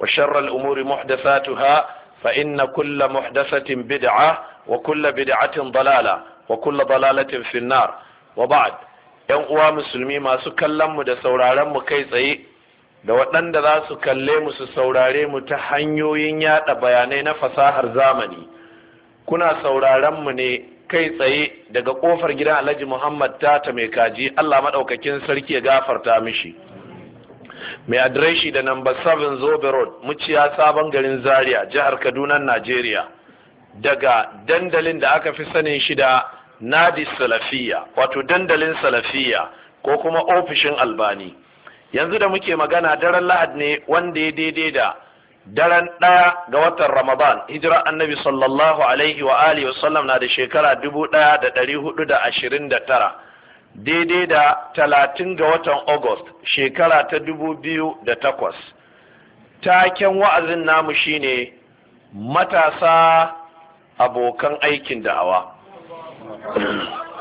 وشر الأمور محدثاتها فإن كل محدثة بدعة وكل بدعة ضلالة وكل ضلالة في النار وبعد ‘yan uwa musulmi masu kallon mu da sauraron mu kai tsaye da waɗanda za su kalle mu su saurare mu ta hanyoyin yaɗa bayanai na fasahar zamani kuna sauraron mu ne kai tsaye daga ƙofar gidan alhaji muhammad tata mai kaji allah maɗaukakin sarki ya gafarta mishi mai adireshi da namba 7 zobe road muciya sabon garin zaria jihar kaduna najeriya daga dandalin da aka fi sanin shi da nadi salafiya wato dandalin salafiya ko kuma ofishin albani yanzu da muke magana daren lahad ne wanda ya daidai da daren ɗaya ga watan ramadan hijira annabi sallallahu alaihi wa alihi wasallam na da shekara dubu ɗaya da ɗari hudu da ashirin da tara daidai da talatin ga watan august shekara ta dubu biyu da takwas taken wa'azin namu shine matasa abokan aikin da'awa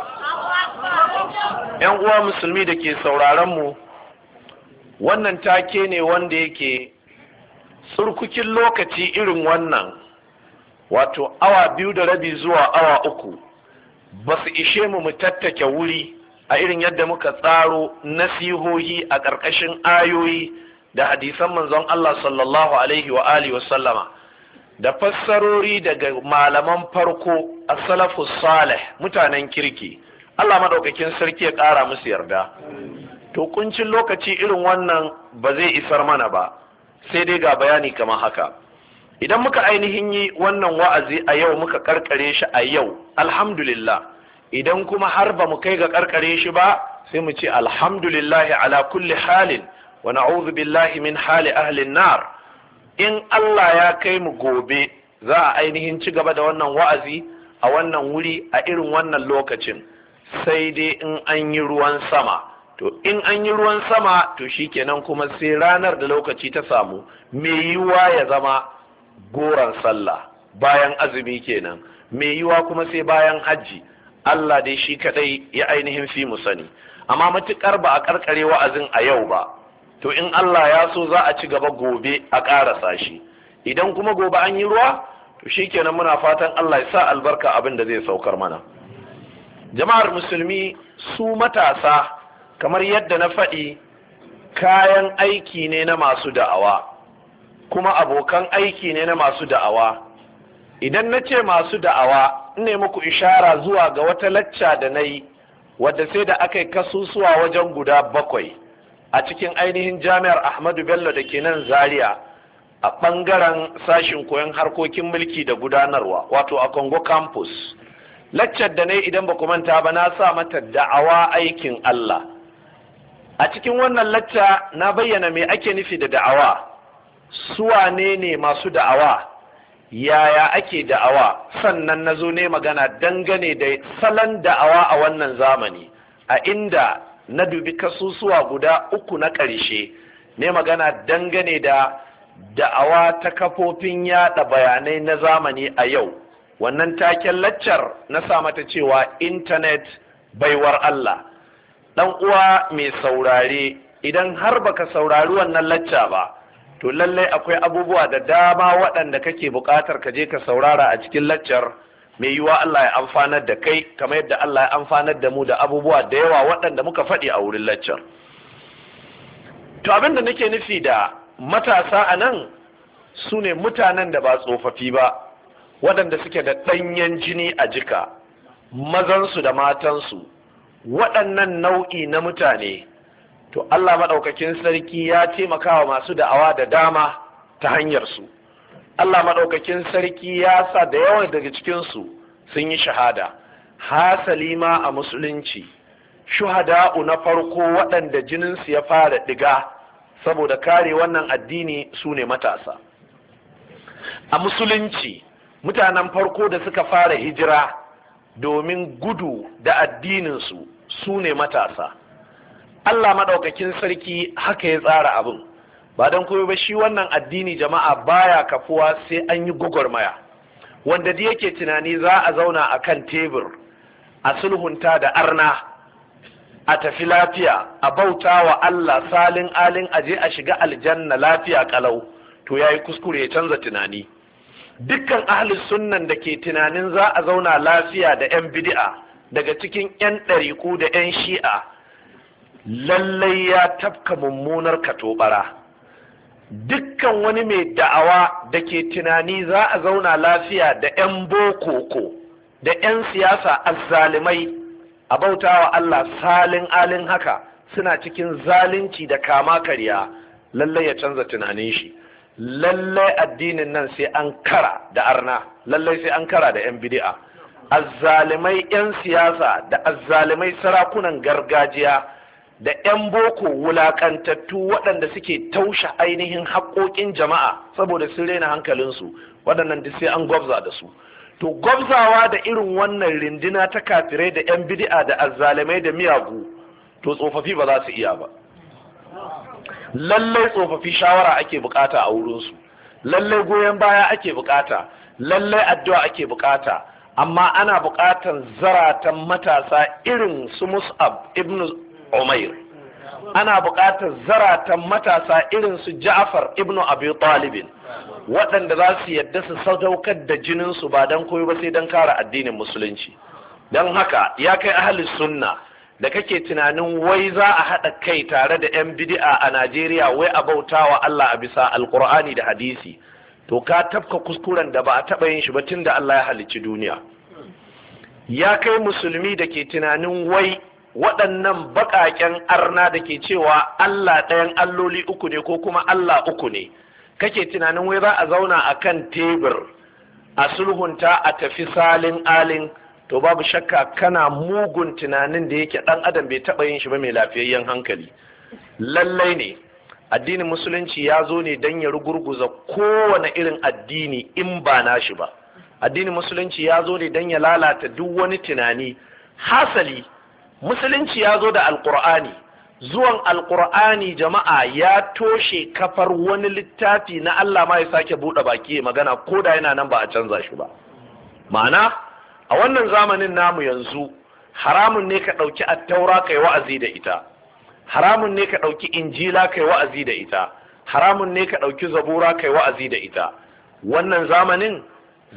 yan uwa musulmi da ke mu wannan take ne wanda yake surkukin lokaci irin wannan wato awa biyu da rabi zuwa awa uku ba su ishe mu mu tattake wuri a irin yadda muka tsaro nasihohi a ƙarƙashin ayoyi da hadisan manzon Allah sallallahu alaihi wa alihi sallama da fassarori daga malaman farko a salafu salih mutanen kirki Allah maɗaukakin sarki ya ƙara musu yarda to kuncin lokaci irin wannan ba zai isar mana ba sai dai ga bayani kamar haka idan muka ainihin yi wannan wa'azi a yau muka karkare shi a yau alhamdulillah idan kuma har ba mu kai ga karkare shi ba sai mu ce alhamdulillahi ala kulli halin wa na'udhu billahi min hali ahli nar in Allah ya kai mu gobe za a ainihin ci gaba da wannan wa'azi a wannan wuri a irin wannan lokacin sai dai in an yi ruwan sama to in an yi ruwan sama to shikenan kuma sai ranar da lokaci ta samu mai yiwuwa ya zama goron sallah bayan azumi kenan mai yiwa kuma sai bayan hajji Allah dai shi kaɗai ya ainihin fi mu sani amma matukar ba a ƙarƙare wa'azin a yau ba to in Allah ya so za a ci gaba gobe a karasa shi idan kuma gobe an yi ruwa to shikenan muna fatan Allah ya sa albarka abin da zai saukar mana jama'ar musulmi su matasa kamar yadda na faɗi kayan aiki ne na masu da'awa kuma abokan aiki ne na masu da'awa idan na ce masu da'awa ne muku ishara zuwa ga wata lacca da na yi wadda sai da aka yi kasusuwa wajen guda bakwai a cikin ainihin jami'ar ahmadu bello da ke nan zaria a ɓangaren sashin koyon harkokin mulki da gudanarwa wato a congo campus laccar da na yi idan ba ku manta ba na sa mata da'awa aikin allah a cikin wannan lacca na bayyana me ake nufi da da'awa suwa ne ne masu da'awa yaya ake da'awa sannan na zo ne magana dangane da salon da'awa a wannan zamani a inda na dubi kasusuwa guda uku na ƙarshe ne magana dangane da da'awa ta kafofin yada bayanai na zamani a yau wannan taken laccar na sa mata cewa intanet baiwar Allah dan uwa mai saurare idan har baka saurari wannan lacca ba to lallai akwai abubuwa da dama waɗanda kake buƙatar ka je ka saurara a cikin laccar mai yiwa Allah ya amfanar da kai kamar yadda Allah ya amfanar da mu da abubuwa da yawa waɗanda muka faɗi a wurin laccar to abin da nake nufi da matasa a nan su ne mutanen da ba tsofaffi ba waɗanda suke da ɗanyen jini a jika mazansu da matansu waɗannan nau'i na mutane to Allah maɗaukakin sarki ya taimakawa masu da'awa da dama ta hanyar su Allah maɗaukakin sarki ya sa da yawan daga cikinsu sun yi shahada hasali ma a musulunci shuhada'u na farko waɗanda jininsu ya fara ɗiga saboda kare wannan addini su ne matasa a musulunci mutanen farko da suka fara hijira domin gudu da addininsu su ne matasa Allah maɗaukakin sarki haka ya tsara abin ba don kuma ba shi wannan addini jama'a baya kafuwa sai an yi gugurmaya wanda da yake tunani za a zauna a kan tebur a sulhunta da arna a tafi lafiya a bauta wa Allah salin alin aje a shiga aljanna lafiya kalau to ya yi kuskure ya canza tunani dukkan ahli sunnan da ke tunanin za a zauna lafiya da 'yan bidi'a daga cikin 'yan ɗariku da 'yan shi'a lallai ya tafka mummunar ka tobara dukkan wani mai da'awa da ke tunani za a zauna lafiya da 'yan boko bokoko da 'yan siyasa azzalimai a bautawa Allah salin alin haka suna cikin zalunci da kama karya lallai ya canza tunanin shi lallai addinin nan sai an kara da arna lallai sai an kara da 'yan bidi'a azzalimai 'yan siyasa da azzalimai sarakunan gargajiya da 'yan boko wulaƙantattu waɗanda suke taushe ainihin haƙoƙin jama'a saboda sun rena hankalinsu waɗannan duk sai an gwabza da su to gwabzawa da irin wannan rindina ta kafirai da 'yan bid'a da azzalumai da miyagu to tsofaffi ba za su iya ba lallai tsofaffi shawara ake bukata a wurinsu lallai goyon baya ake bukata lallai addu'a ake bukata amma ana bukatan zaratan matasa irin su mus'ab ibn umair ana buƙatar zaratan matasa irin su ja'far ibn abi talibin waɗanda za su yadda su sadaukar da jininsu ba don koyo ba sai don kare addinin musulunci don haka ya kai ahli sunna da kake tunanin wai za a haɗa kai tare da 'yan bid'a a najeriya wai a bautawa allah a bisa alkur'ani da hadisi to ka tafka kuskuren da ba a taɓa yin shi ba tun da allah ya halicci duniya ya kai musulmi da ke tunanin wai waɗannan baƙaƙen arna da ke cewa Allah ɗayan alloli uku ne ko kuma Allah uku ne kake tunanin wai za a zauna a kan tebur a sulhunta a tafi salin alin to babu shakka kana mugun tunanin da yake ɗan adam bai taɓa yin shi ba mai lafiyayyen hankali lallai ne addinin musulunci ya zo ne don ya rugurguza kowane irin addini in ba na shi ba addinin musulunci ya zo ne don ya lalata duk wani tunani hasali musulunci ya zo da alkur'ani zuwan alkur'ani jama'a ya toshe kafar wani littafi na Allah ma ya sake buɗe baki magana ko da yana nan ba a canza shi ba ma'ana a wannan zamanin namu yanzu haramun ne ka ɗauki attaura kai wa'azi da ita haramun ne ka ɗauki injila kai wa'azi da ita haramun ne ka ɗauki zabura kai wa'azi da ita wannan zamanin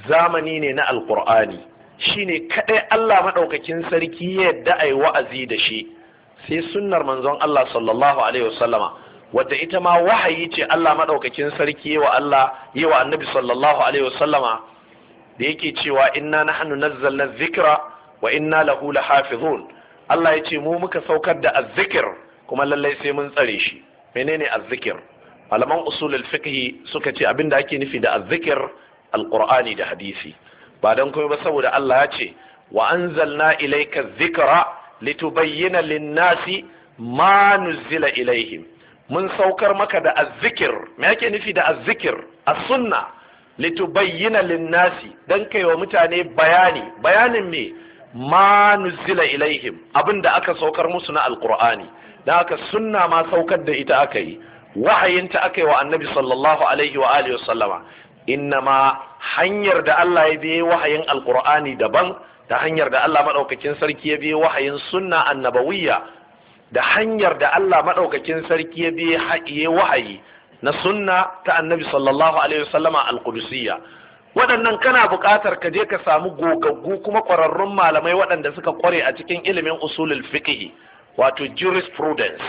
zamani ne na alkur'ani shine kadai Allah madaukakin sarki ya yadda ai wa'azi da shi sai sunnar manzon Allah sallallahu alaihi wasallama wadda ita ma wahayi ce Allah madaukakin sarki wa Allah yi wa annabi sallallahu alaihi wasallama da yake cewa inna nahnu nazzalna dhikra wa inna lahu lahafizun Allah ya ce mu muka saukar da azzikir kuma lallai sai mun tsare shi menene azzikir malaman usulul fiqh suka ce abinda ake nufi da azzikir alqur'ani da hadisi ba don kuma ba saboda Allah ya ce wa anzalna ilayka dhikra litubayyana linnasi ma nuzila ilaihim mun saukar maka da azzikir me yake nufi da azzikir as-sunna litubayyana linnasi dan kai wa mutane bayani bayanin me ma nuzila ilaihim abinda aka saukar musu na alqur'ani dan aka sunna ma saukar da ita aka yi wahayinta aka yi wa annabi sallallahu alaihi wa alihi innama hanyar da Allah ya biye wahayin alkur'ani daban da hanyar da Allah madaukakin sarki ya biye wahayin sunna annabawiyya da hanyar da Allah madaukakin sarki ya biye haƙiye wahayi na sunna ta annabi sallallahu alaihi wasallama alqudusiyya waɗannan kana buƙatar ka je ka samu gogaggu kuma ƙwararrun malamai waɗanda suka ƙware a cikin ilimin usulul fiqh wato jurisprudence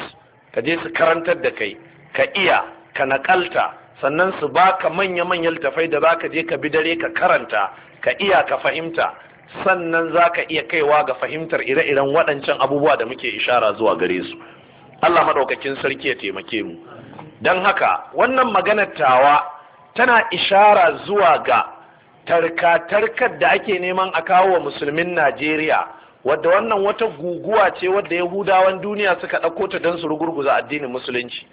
ka je su karantar da kai ka iya ka naƙalta sannan su baka manya-manyan littafai da ka je ka bi dare ka karanta ka iya ka fahimta sannan za ka iya kaiwa ga fahimtar ire-iren waɗancan abubuwa da muke ishara zuwa gare su Allah maɗaukakin sarki ya taimake mu don haka wannan maganar tawa tana ishara zuwa ga tarka-tarkar da ake neman a kawo wa musulmin Najeriya wadda wannan wata guguwa ce wadda Yahudawan duniya suka ɗauko ta don su rugurguza addinin musulunci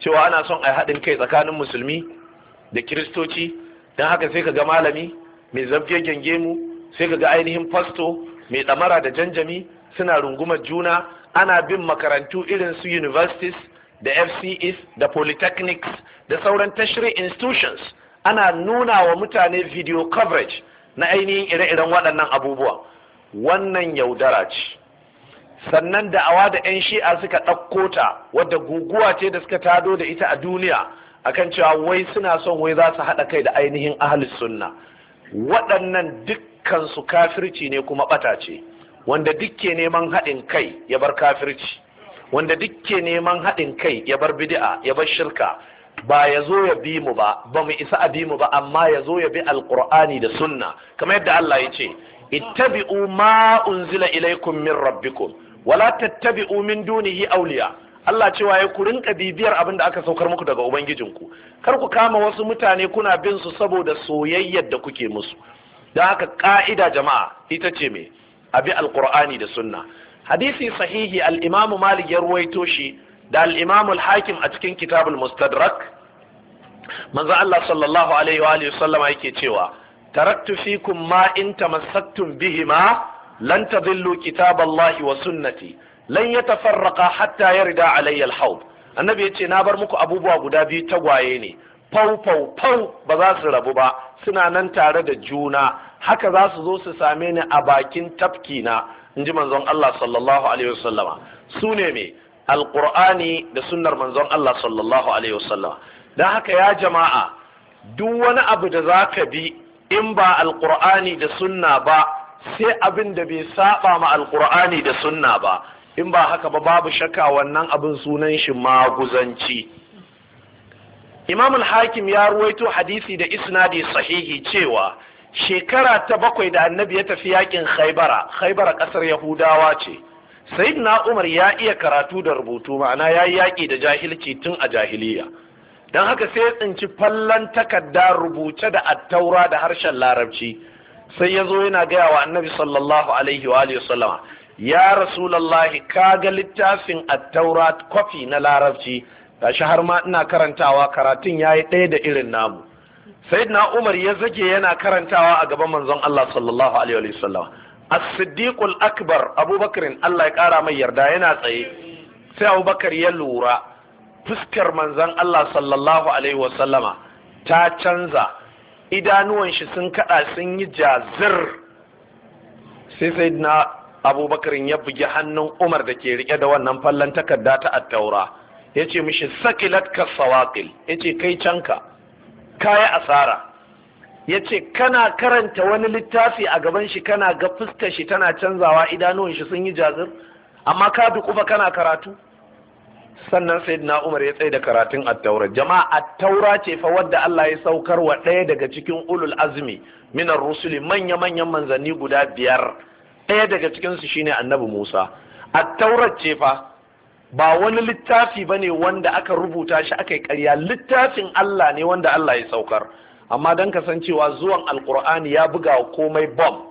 cewa ana son a haɗin kai tsakanin musulmi da kiristoci don haka sai ka ga malami mai zabge mu, sai ka ga ainihin fasto mai ɗamara da janjami suna rungumar juna ana bin makarantu irin su universities da fcs da polytechnics da sauran tertiary institutions ana nuna wa mutane video coverage na ainihin ire-iren waɗannan abubuwa wannan yaudara ce sannan da awa da 'yan shi'a suka ɗauko ta wadda guguwa ce da suka tado da ita a duniya akan cewa wai suna son wai za su haɗa kai da ainihin ahalis sunna waɗannan dukkan su kafirci ne kuma ɓata ce wanda dukke neman haɗin kai ya bar kafirci wanda dukke neman haɗin kai ya bar bidi'a ya bar shirka ba ya zo ya bi mu ba ba mu isa a bi mu ba amma ya zo ya bi Alƙur'ani da sunna kamar yadda Allah ya ce ittabi'u ma unzila ilaykum min rabbikum wala tattabi'u min dunihi awliya Allah cewa ya ku rinka bibiyar abin da aka saukar muku daga ubangijinku kar ku kama wasu mutane kuna bin su saboda soyayyar da kuke musu don haka ka'ida jama'a ita ce me abi alqur'ani da sunna hadisi sahihi al-imamu malik ya ruwaito shi da al-imamu al-hakim a cikin kitabul mustadrak manzo Allah sallallahu alaihi wa alihi sallama yake cewa taraktu fikum ma in tamassaktum bihima lan lokita kitaballahi wa sunnati lan yatafarraqa hatta yarda alayyal Hau. annabi yace na bar muku abubuwa guda biyu tagwaye ne fau fau fau ba za su rabu ba suna nan tare da juna haka za su zo su same ni a bakin tafki na in ji manzon Allah sallallahu alaihi su ne me alqur'ani da sunnar manzon Allah sallallahu alaihi wasallama haka ya jama'a duk wani abu da za ka bi in ba alqur'ani da sunna ba sai abin da bai saba ma alkur'ani da sunna ba in ba haka ba babu shakka wannan abin sunan shi maguzanci imam al-hakim ya ruwaito hadisi da isnadi sahihi cewa shekara ta bakwai da annabi ya tafi yakin khaibara khaibara kasar yahudawa ce sayyidina umar ya iya karatu da rubutu ma'ana ya yi yaƙi da jahilci tun a jahiliya don haka sai ya tsinci fallon takarda rubuce da attaura da harshen larabci sai ya zo yana gaya wa annabi sallallahu alaihi wa alihi wasallama ya rasulallahi kaga littafin attaura kwafi na larabci gashi har ma ina karantawa karatun yayi ɗaya da irin namu sayyidina umar ya zage yana karantawa a gaban manzon Allah sallallahu alaihi wa sallama as akbar abubakar Allah ya kara mai yarda yana tsaye sai abubakar ya lura fuskar manzon Allah sallallahu alaihi wa sallama ta canza idanuwan shi sun kada sun yi jazir sai sai na abubakar ya bugi hannun umar da ke rike da wannan fallon takarda ta attaura ya ce mishi sakilat ka sawakil ya ce kai canka kayi asara ya ce kana karanta wani littafi a gaban shi kana ga fuskar shi tana canzawa idanuwan shi sun yi jazir amma ka dukufa kana karatu sannan na Umar ya tsaye da karatun attaura jama'a attaura taura ce fa wadda Allah ya saukar wa ɗaya daga cikin ulul azmi minar rusuli manya manyan manzanni guda biyar ɗaya daga cikin su shine annabi Musa attaura ce fa ba wani littafi bane wanda aka rubuta shi aka yi ƙarya littafin Allah ne wanda Allah ya saukar amma dan kasancewa zuwan alqur'ani ya buga komai bomb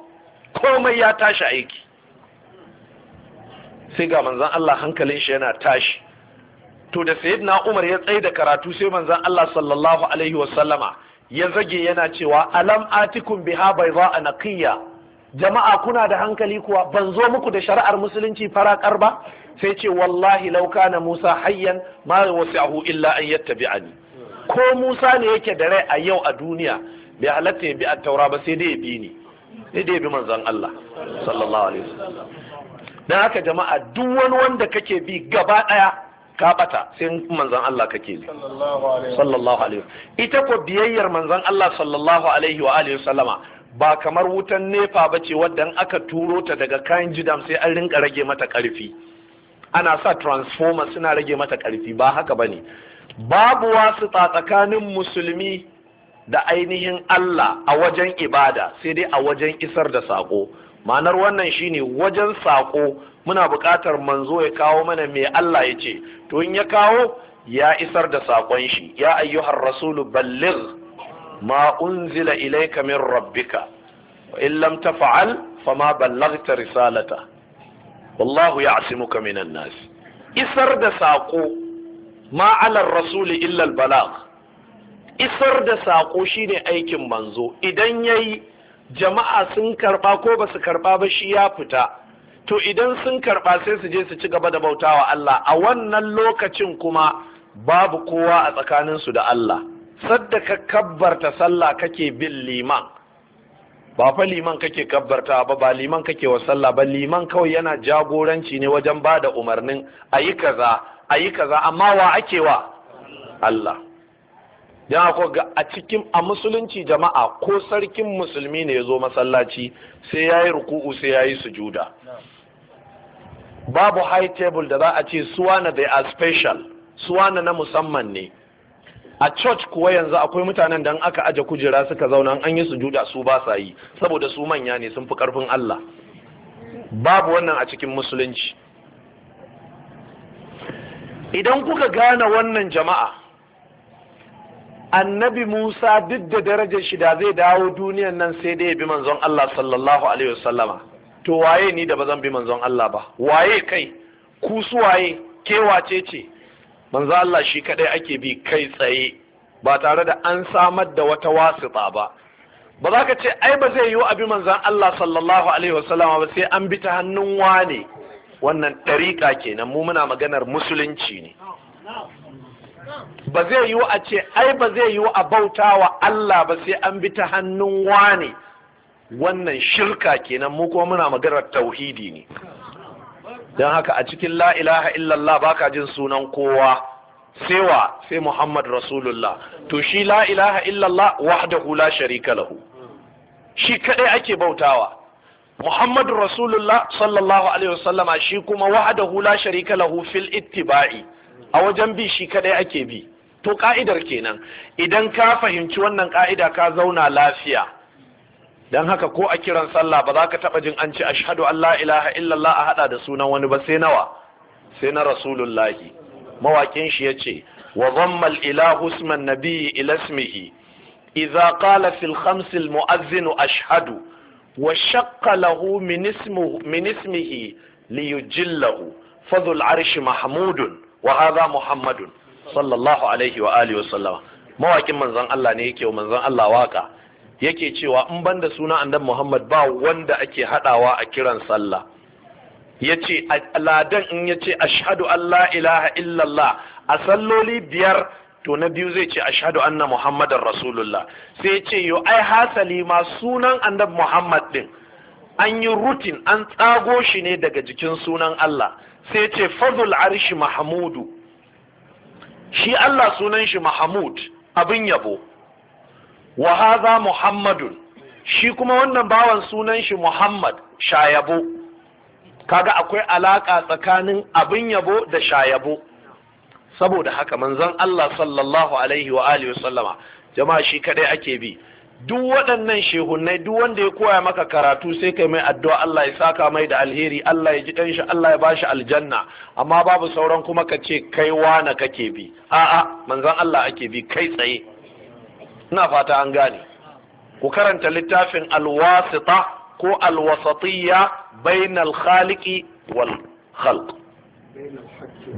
komai ya tashi aiki sai ga manzon Allah hankalin shi yana tashi to da na umar ya tsaye da karatu sai manzan Allah sallallahu alaihi wasallama ya zage yana cewa alam atikum biha bai a naqiya jama'a kuna da hankali kuwa ban zo muku da shari'ar musulunci farakar ba sai ce wallahi lauka na Musa hayyan ma wasi'ahu illa an yattabi'ani ko Musa ne yake da rai a yau a duniya bai halatta ya bi at-taura ba sai dai ya bi ni sai dai ya bi manzon Allah sallallahu alaihi wasallam dan haka jama'a duk wani wanda kake bi gaba daya ka bata sai manzon Allah kake ne sallallahu alaihi ita ko biyayyar manzon Allah sallallahu alaihi wa alihi sallama ba kamar wutan nefa ce, wadda aka turo ta daga kayan jidam sai an rinka rage mata karfi ana sa transformer suna rage mata karfi ba haka bane babu wasu tsakanin musulmi da ainihin Allah a wajen ibada sai dai a wajen isar da sako ma'anar wannan shine wajen sako muna buƙatar manzo ya kawo mana mai Allah ya ce to in ya kawo ya isar da saƙon shi ya ayyuhar rasulu balligh ma unzila ilayka min rabbika wa in lam taf'al fama ballaghta risalata wallahu ya'simuka minan nasi. isar da saƙo ma ala rasuli illa balagh isar da saƙo shine aikin manzo idan yayi jama'a sun karɓa ko basu karɓa ba shi ya fita to idan sun karɓa sai su je su ci gaba da bautawa Allah a wannan lokacin kuma babu kowa a tsakaninsu da Allah sadda ka kabbarta sallah kake bin liman ba fa liman kake kabbarta ba ba liman kake wa sallah ba liman kawai yana jagoranci ne wajen ba da umarnin a yi kaza a yi kaza amma wa ake wa Allah ko ga a cikin a musulunci jama'a ko sarkin musulmi ne ya zo masallaci sai ya yi ruku'u sai ya yi sujuda babu high table da za a ce suwana they are special suwana na musamman ne a church kuwa yanzu akwai mutanen da aka aje kujera suka zauna an yi sujuda su ba sa yi saboda su manya ne sun fi karfin Allah babu wannan a cikin musulunci idan kuka gane wannan jama'a annabi Musa duk da darajar shida zai dawo duniyan nan sai dai ya bi manzon Allah sallallahu alaihi wasallama to waye ni da ba zan bi manzon Allah ba waye kai ku su waye ke wace ce manzon Allah shi kadai ake bi kai tsaye ba tare da an samar da wata wasiƙa ba ba za ka ce ai ba zai yiwu abi manzon Allah sallallahu alaihi wasallama ba sai an bi ta hannun wane wannan ɗariƙa kenan mu muna maganar musulunci ne ba zai yiwu a ce ai ba zai yiwu a bauta wa Allah ba sai an bi ta hannun wane wannan shirka kenan mu kuma muna maganar tauhidi ne don haka a cikin la ilaha illallah baka jin sunan kowa sewa sai muhammad rasulullah to shi la ilaha illallah wahdahu la sharika lahu shi kadai ake bautawa muhammad rasulullah sallallahu alaihi wasallama shi kuma wahdahu la sharika lahu fil ittiba'i a wajen bi shi kadai ake bi to ka'idar kenan idan ka fahimci wannan ka'ida ka zauna lafiya dan haka ko a kiran sallah ba za ka taba jin an ci ashadu Allah, ilaha illallah a hada da sunan wani ba sai nawa sai na rasulullahi mawakin shi yace wa zammal ila husman isman nabiyyi ila ismihi idza qala fil khams al muazzin ashhadu wa shaqqa lahu min ismihi min ismihi liyujillahu arsh mahmudun wa hadha muhammadun sallallahu alaihi wa alihi wa sallam mawakin manzon Allah ne yake manzon Allah waka yake cewa in banda suna annabi Muhammad ba wanda ake hadawa a kiran sallah yace al'adan in yace ashhadu an la ilaha illallah a salloli biyar to na biyu zai ce ashhadu anna muhammadar rasulullah sai yace ce yo ai hasali ma sunan annabi muhammad din an yi rutin an tsago shi ne daga jikin sunan Allah sai ce fadul arshi mahmudu shi Allah sunan shi mahmud abin yabo wa Muhammadu, muhammadun shi kuma wannan bawan sunan shi muhammad shayabo kaga akwai alaka tsakanin abin yabo da shayabo saboda haka manzon Allah sallallahu alaihi wa alihi sallama jama'a shi kadai ake bi duk waɗannan shehunnai duk wanda ya koya maka karatu sai kai mai addu'a Allah ya saka mai da alheri Allah ya ji shi Allah ya bashi aljanna amma babu sauran kuma ka ce kai wana kake bi a'a manzon Allah ake bi kai tsaye ina fata an gane ku karanta littafin alwasita ko alwasatiyya bainal khaliqi wal khalq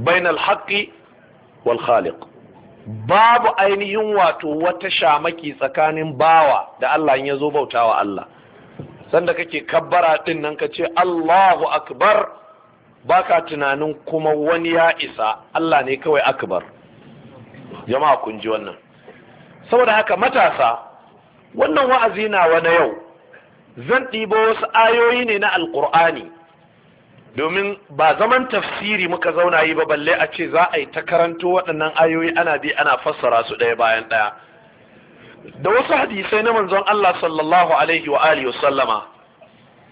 bainal haqqi wal khaliq babu ainihin wato wata shamaki tsakanin bawa da Allah ya yazo bautawa Allah sanda kake kabbara din nan ka ce Allahu akbar baka tunanin kuma wani ya isa Allah ne kawai akbar jama'a kun ji wannan saboda haka matasa wannan wa'azi nawa na yau zan ɗibo wasu ayoyi ne na alƙur'ani domin ba zaman tafsiri muka zauna yi ba balle a ce za a yi ta karanto waɗannan ayoyi ana bi ana fassara su ɗaya bayan ɗaya da wasu hadisai na manzon Allah sallallahu alaihi wa alihi sallama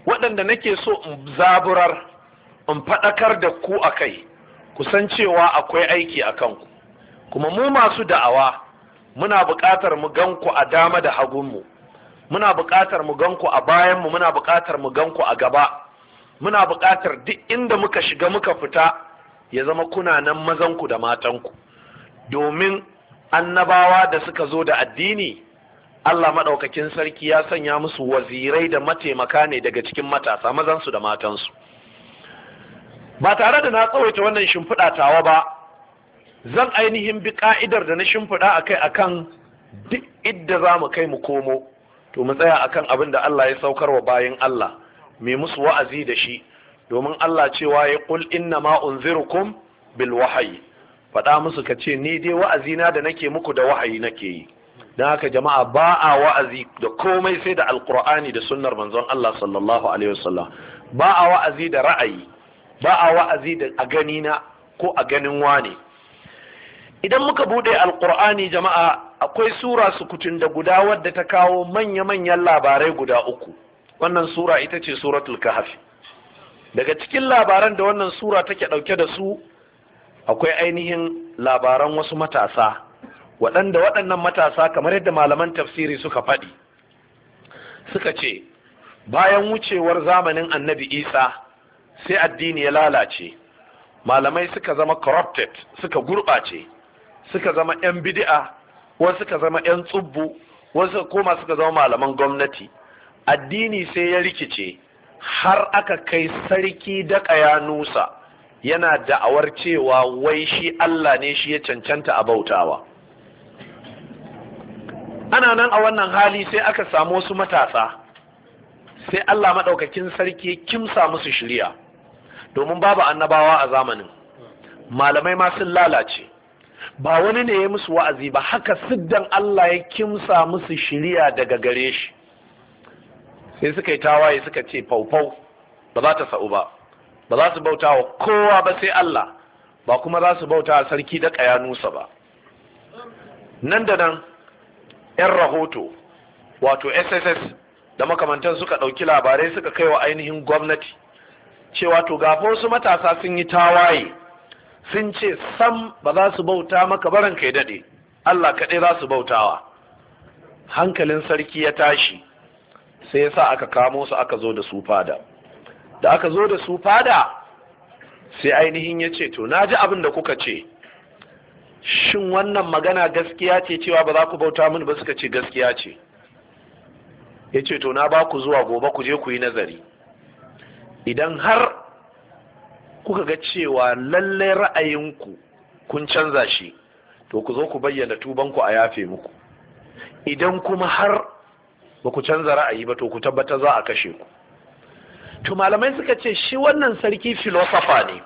waɗanda nake so in zaburar in faɗakar da ku akai kai kusan cewa akwai aiki a kanku kuma mu masu da'awa muna buƙatar mu gan ku a dama da hagunmu muna buƙatar mu gan ku a bayanmu muna buƙatar mu gan ku a gaba muna buƙatar duk inda muka shiga muka fita ya zama kuna nan mazanku da matanku domin annabawa da suka zo da addini Allah maɗaukakin sarki ya sanya musu wazirai da mataimaka ne daga cikin matasa mazansu da matansu ba tare da na tsawaita wannan shimfiɗa tawa ba zan ainihin bi ka'idar da na shimfiɗa a kai a kan duk idda za mu kai mu komo to mu tsaya a kan abin da Allah ya saukar wa bayan Allah mai musu wa'azi da shi domin Allah cewa ya ƙul inna ma unzirukum bil wahayi faɗa musu ka ce ni dai wa'azi na da nake muku da wahayi nake yi don haka jama'a ba a wa'azi da komai sai da alkur'ani da sunnar manzon Allah sallallahu alaihi wasallam ba a wa'azi da ra'ayi ba a wa'azi da a ganina ko a ganin wani. idan muka bude alkur'ani jama'a akwai sura sukutun da guda wadda ta kawo manya-manyan labarai guda uku wannan sura ita ce suratul kahafi daga cikin labaran da wannan sura take dauke da su akwai ainihin labaran wasu matasa waɗanda waɗannan matasa kamar yadda malaman tafsiri suka faɗi suka ce bayan wucewar zamanin annabi isa sai addini ya lalace malamai suka zama corrupted suka gurɓace suka zama yan bid'a wasu suka zama yan tsubbu wasu koma suka zama malaman gwamnati addini sai ya rikice har aka kai sarki daka ya nusa yana da'awar cewa wai shi Allah ne shi ya cancanta a bautawa ana nan a wannan hali sai aka samu wasu matasa sai Allah maɗaukakin sarki kimsa musu shirya domin babu annabawa a zamanin malamai ma sun lalace ba wani ne ya musu wa'azi ba haka siddan Allah ya kimsa musu shiriya daga gare shi sai suka yi tawaye suka ce faufau ba za ta sa'u ba ba za su bauta wa kowa ba sai Allah ba kuma za su bauta wa sarki da nusa ba nan da nan 'yan rahoto wato sss da makamantan suka ɗauki labarai suka kai wa ainihin gwamnati cewa to gafa wasu matasa sun yi tawaye sun ce sam ba za su bauta maka baran kai daɗe Allah kaɗai za su bautawa hankalin sarki ya tashi sai ya sa aka kamo su aka zo da su fada da aka zo da su fada sai ainihin ya ce to na ji abin da kuka ce shin wannan magana gaskiya ce cewa ba za ku bauta mini ba suka ce gaskiya ce ya ce to na ba ku zuwa gobe ku je ku yi nazari idan har kuka ga cewa lalle ra'ayinku kun canza shi to ku zo ku bayyana tubanku a yafe muku idan kuma har ba ku canza ra'ayi ba to ku tabbatar za a kashe ku to malamai suka ce shi wannan sarki filosofa ne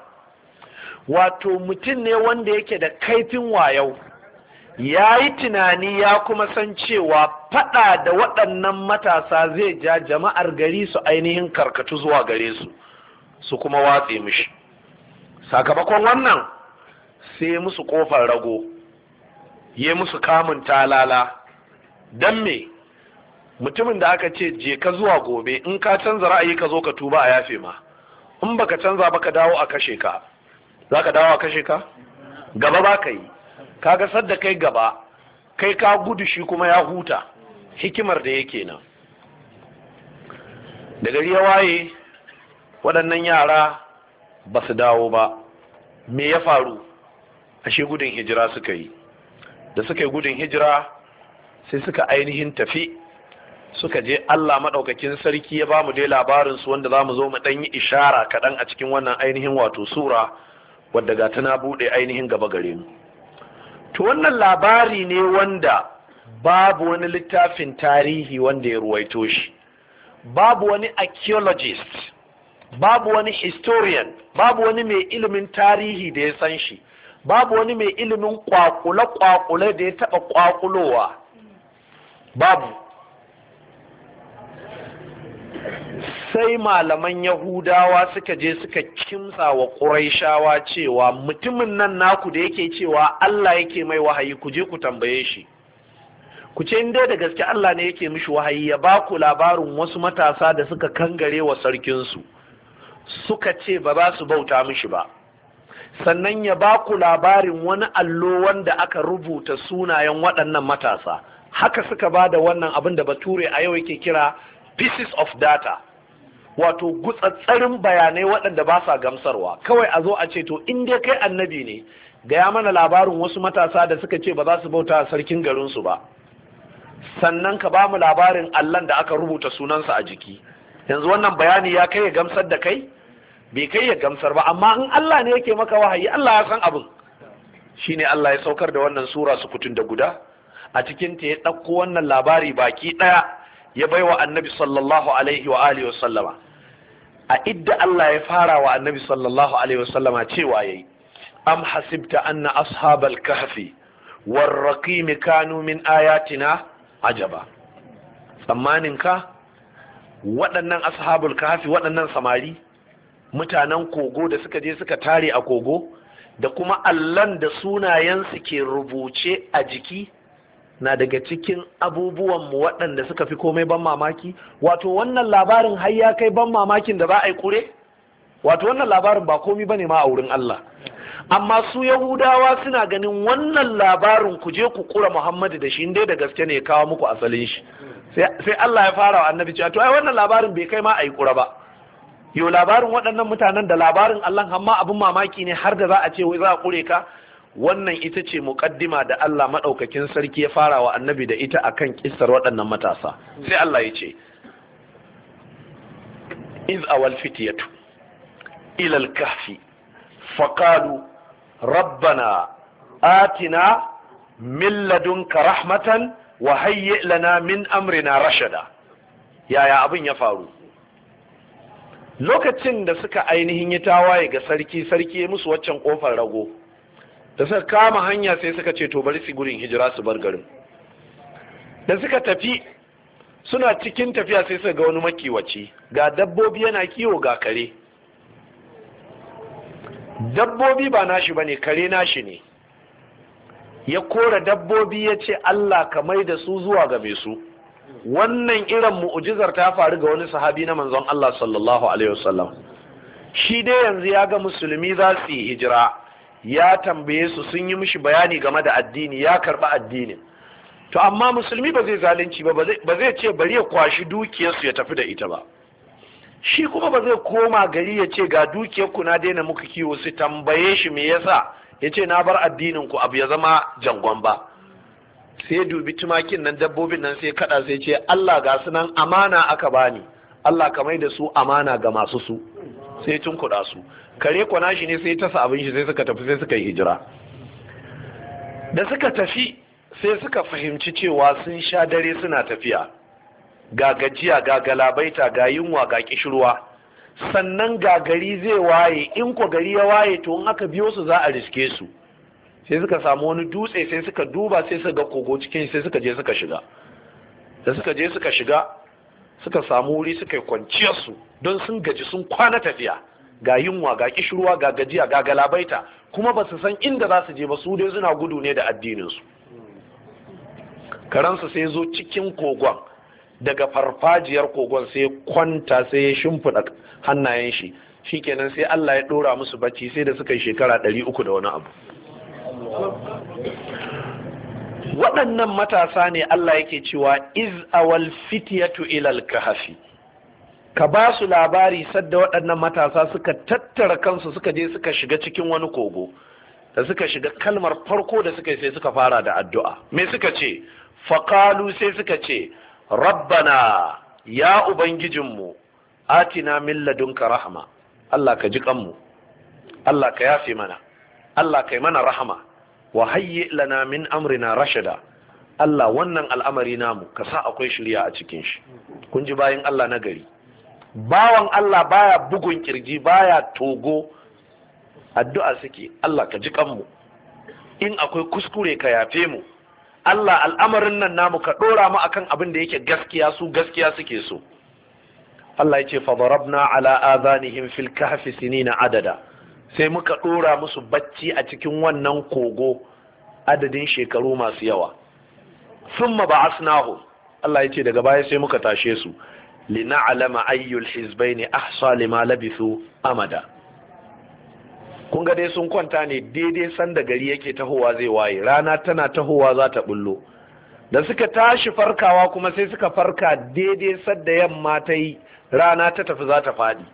wato mutum ne wanda yake da kaifin wayau ya yi tunani ya kuma san cewa fada da waɗannan matasa zai ja jama'ar gari su ainihin karkatu zuwa gare su su kuma watse mishi sakamakon wannan sai musu kofar rago ya musu kamun talala don me mutumin da aka ce je ka zuwa gobe in ka canza ra'ayi ka zo ka tuba a yafe ma in baka canza ba ka dawo a kashe ka za ka dawo a kashe ka gaba ba ka yi kaga sadda kai gaba kai ka gudu shi kuma ya huta hikimar da yake nan da gari ya waye waɗannan yara ba su dawo ba me ya faru ashe gudun hijira suka yi da suka yi gudun hijira sai suka ainihin tafi suka je Allah maɗaukakin sarki ya ba mu dai labarinsu wanda za mu zo mu ɗan yi ishara kaɗan a cikin wannan ainihin wato sura wadda ga tana buɗe ainihin gaba gare mu to wannan labari ne wanda babu wani littafin tarihi wanda ya ruwaito shi babu wani archaeologist babu wani historian babu wani mai ilimin tarihi da ya san shi babu wani mai ilimin kwakule-kwakule da ya taɓa kwakulowa babu sai malaman yahudawa suka je suka kimsa wa ƙuraishawa cewa mutumin nan naku da yake cewa allah yake mai wahayi ku je ku tambaye shi ku ce dai da gaske allah ne yake mishi wahayi ya ba ku labarin wasu matasa da suka kangare wa sarkinsu suka ce ba za su bauta mishi ba sannan ya ba ku labarin wani allo wanda aka rubuta sunayen waɗannan matasa haka suka ba da wannan abin da bature a yau yake kira pieces of data wato gutsatsarin bayanai waɗanda ba sa gamsarwa kawai a zo a ce to in dai kai annabi ne gaya mana labarin wasu matasa da suka ce ba za su bauta sarkin garinsu ba sannan ka ba mu labarin allon da aka rubuta sunansa a jiki yanzu wannan bayani ya kai ya gamsar da kai bai kai ya gamsar ba amma in Allah ne yake maka wahayi Allah ya san abin shine Allah ya saukar da wannan sura sukutun da guda a cikin ta ya ɗauko wannan labari baki ɗaya ya baiwa annabi sallallahu alaihi wa alihi wasallama a idda Allah ya fara wa annabi sallallahu alaihi wasallama cewa yayi am hasibta anna ashabal kahfi war raqim kanu min ayatina ajaba tsammanin ka waɗannan ashabul kafi waɗannan samari mutanen kogo da suka je suka tare a kogo da kuma allan da sunayensu ke rubuce a jiki na daga cikin abubuwanmu waɗanda suka fi komai ban mamaki wato wannan labarin har ya kai ban mamakin da za a yi kure wato wannan labarin ba komi bane ma a wurin Allah amma su yahudawa suna ganin wannan labarin ku je ku kura muhammadu da shi inda da gaske ne ya kawo muku asalin shi sai Allah ya fara wa annabi cewa to ai wannan labarin bai kai ma a kura ba yau labarin waɗannan mutanen da labarin Allah amma abin mamaki ne har da za a ce wai za a kure ka wannan ita ce muƙaddima da Allah maɗaukakin sarki ya fara wa annabi da ita akan kissar waɗannan matasa sai Allah ya ce iz awal fitiyatu ila al-kahfi faqalu rabbana atina min ladunka rahmatan wa hayyi lana min amrina rashada yaya abin ya faru lokacin da suka ainihin yi tawaye ga sarki sarki ya musu waccan kofar rago da suka kama hanya sai suka ce to bari su gurin hijira su bar garin da suka tafi suna cikin tafiya sai suka ga wani makiwaci ga dabbobi yana kiwo ga kare dabbobi ba nashi bane kare nashi ne ya kora dabbobi ya ce Allah ka mai da su zuwa game su wannan irin mu'ujizar ta faru ga wani sahabi na manzon Allah sallallahu alaihi wasallam shi dai yanzu ya ga musulmi za su yi hijira ya tambaye su sun yi mishi bayani game da addini ya karba addinin to amma musulmi ba zai zalunci ba ba zai ce bari ya kwashi dukiyarsu ya tafi da ita ba shi kuma ba zai koma gari ya ce ga dukiyar kuna daina muka kiwo su tambaye shi me yasa ya ce na bar addinin ku abu ya zama jangon ba sai dubi tumakin nan dabbobin nan sai kada sai ce Allah ga su nan amana aka bani Allah ka mai da su amana ga masu su sai tun kuɗa su kare kwana shi ne sai tasa abin shi sai suka tafi sai suka yi hijira da suka tafi sai suka fahimci cewa sun sha dare suna tafiya ga gajiya ga galabaita ga yunwa ga kishirwa sannan ga gari zai waye in ko gari ya waye to in aka biyo su za a riske su sai suka samu wani dutse sai suka duba sai suka ga kogo cikin sai suka je suka shiga da suka je suka shiga suka samu wuri suka yi kwanciyar su don sun gaji sun kwana tafiya ga yunwa ga kishirwa ga gajiya ga galabaita kuma ba su san inda za su je ba su dai suna gudu ne da addinin su karansu sai zo cikin kogon daga farfajiyar kogon sai kwanta sai ya shimfiɗa hannayen shi shi kenan sai Allah ya dora musu bacci sai da suka yi shekara ɗari uku da wani abu waɗannan matasa ne Allah yake cewa iz awal fityatu ilal kahfi ka ba su labari sadda waɗannan matasa suka tattara kansu suka je suka shiga cikin wani kogo da suka shiga kalmar farko da suka sai suka fara da addu'a me suka ce faqalu sai suka ce rabbana ya ubangijinmu atina min ladunka rahama. Allah ka ji kanmu Allah ka yafe mana Allah kai mana rahama wa hayyi lana min amrina rashada Allah wannan al'amari namu ka sa akwai shirya a cikin shi kun ji bayan Allah na gari bawan Allah baya bugun kirji baya togo addu'a suke Allah ka ji kanmu in akwai kuskure ka yafe mu Allah al'amarin nan namu ka ɗora mu akan abin da yake gaskiya su gaskiya suke so Allah ya ce fadarabna ala azanihim fil kahfi sinina adada sai muka dora musu bacci a cikin wannan kogo adadin shekaru masu yawa thumma ba'asnahu Allah ya ce daga baya sai muka tashe su lina'lama ayyul hizbaini ahsa lima labithu amada kun ga dai sun kwanta ne daidai sanda gari yake tahowa zai waye rana tana tahowa za ta bullo da suka tashi farkawa kuma sai suka farka daidai sadda yamma ta yi rana ta tafi za ta faɗi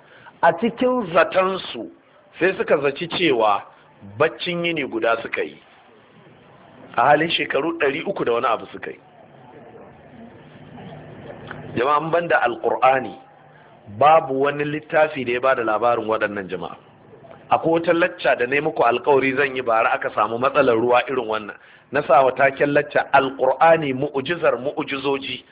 a cikin zatansu sai suka zaci cewa baccin yini guda suka yi a halin shekaru ɗari uku da wani abu suka yi jama'an banda alkur'ani babu wani littafi da ya ba da labarin waɗannan jama'a akwai wata lacca da ne muku alkawari zan yi bara aka samu matsalar ruwa irin wannan na sa wa taken lacca alkur'ani mu'ujizar mu'ujizoji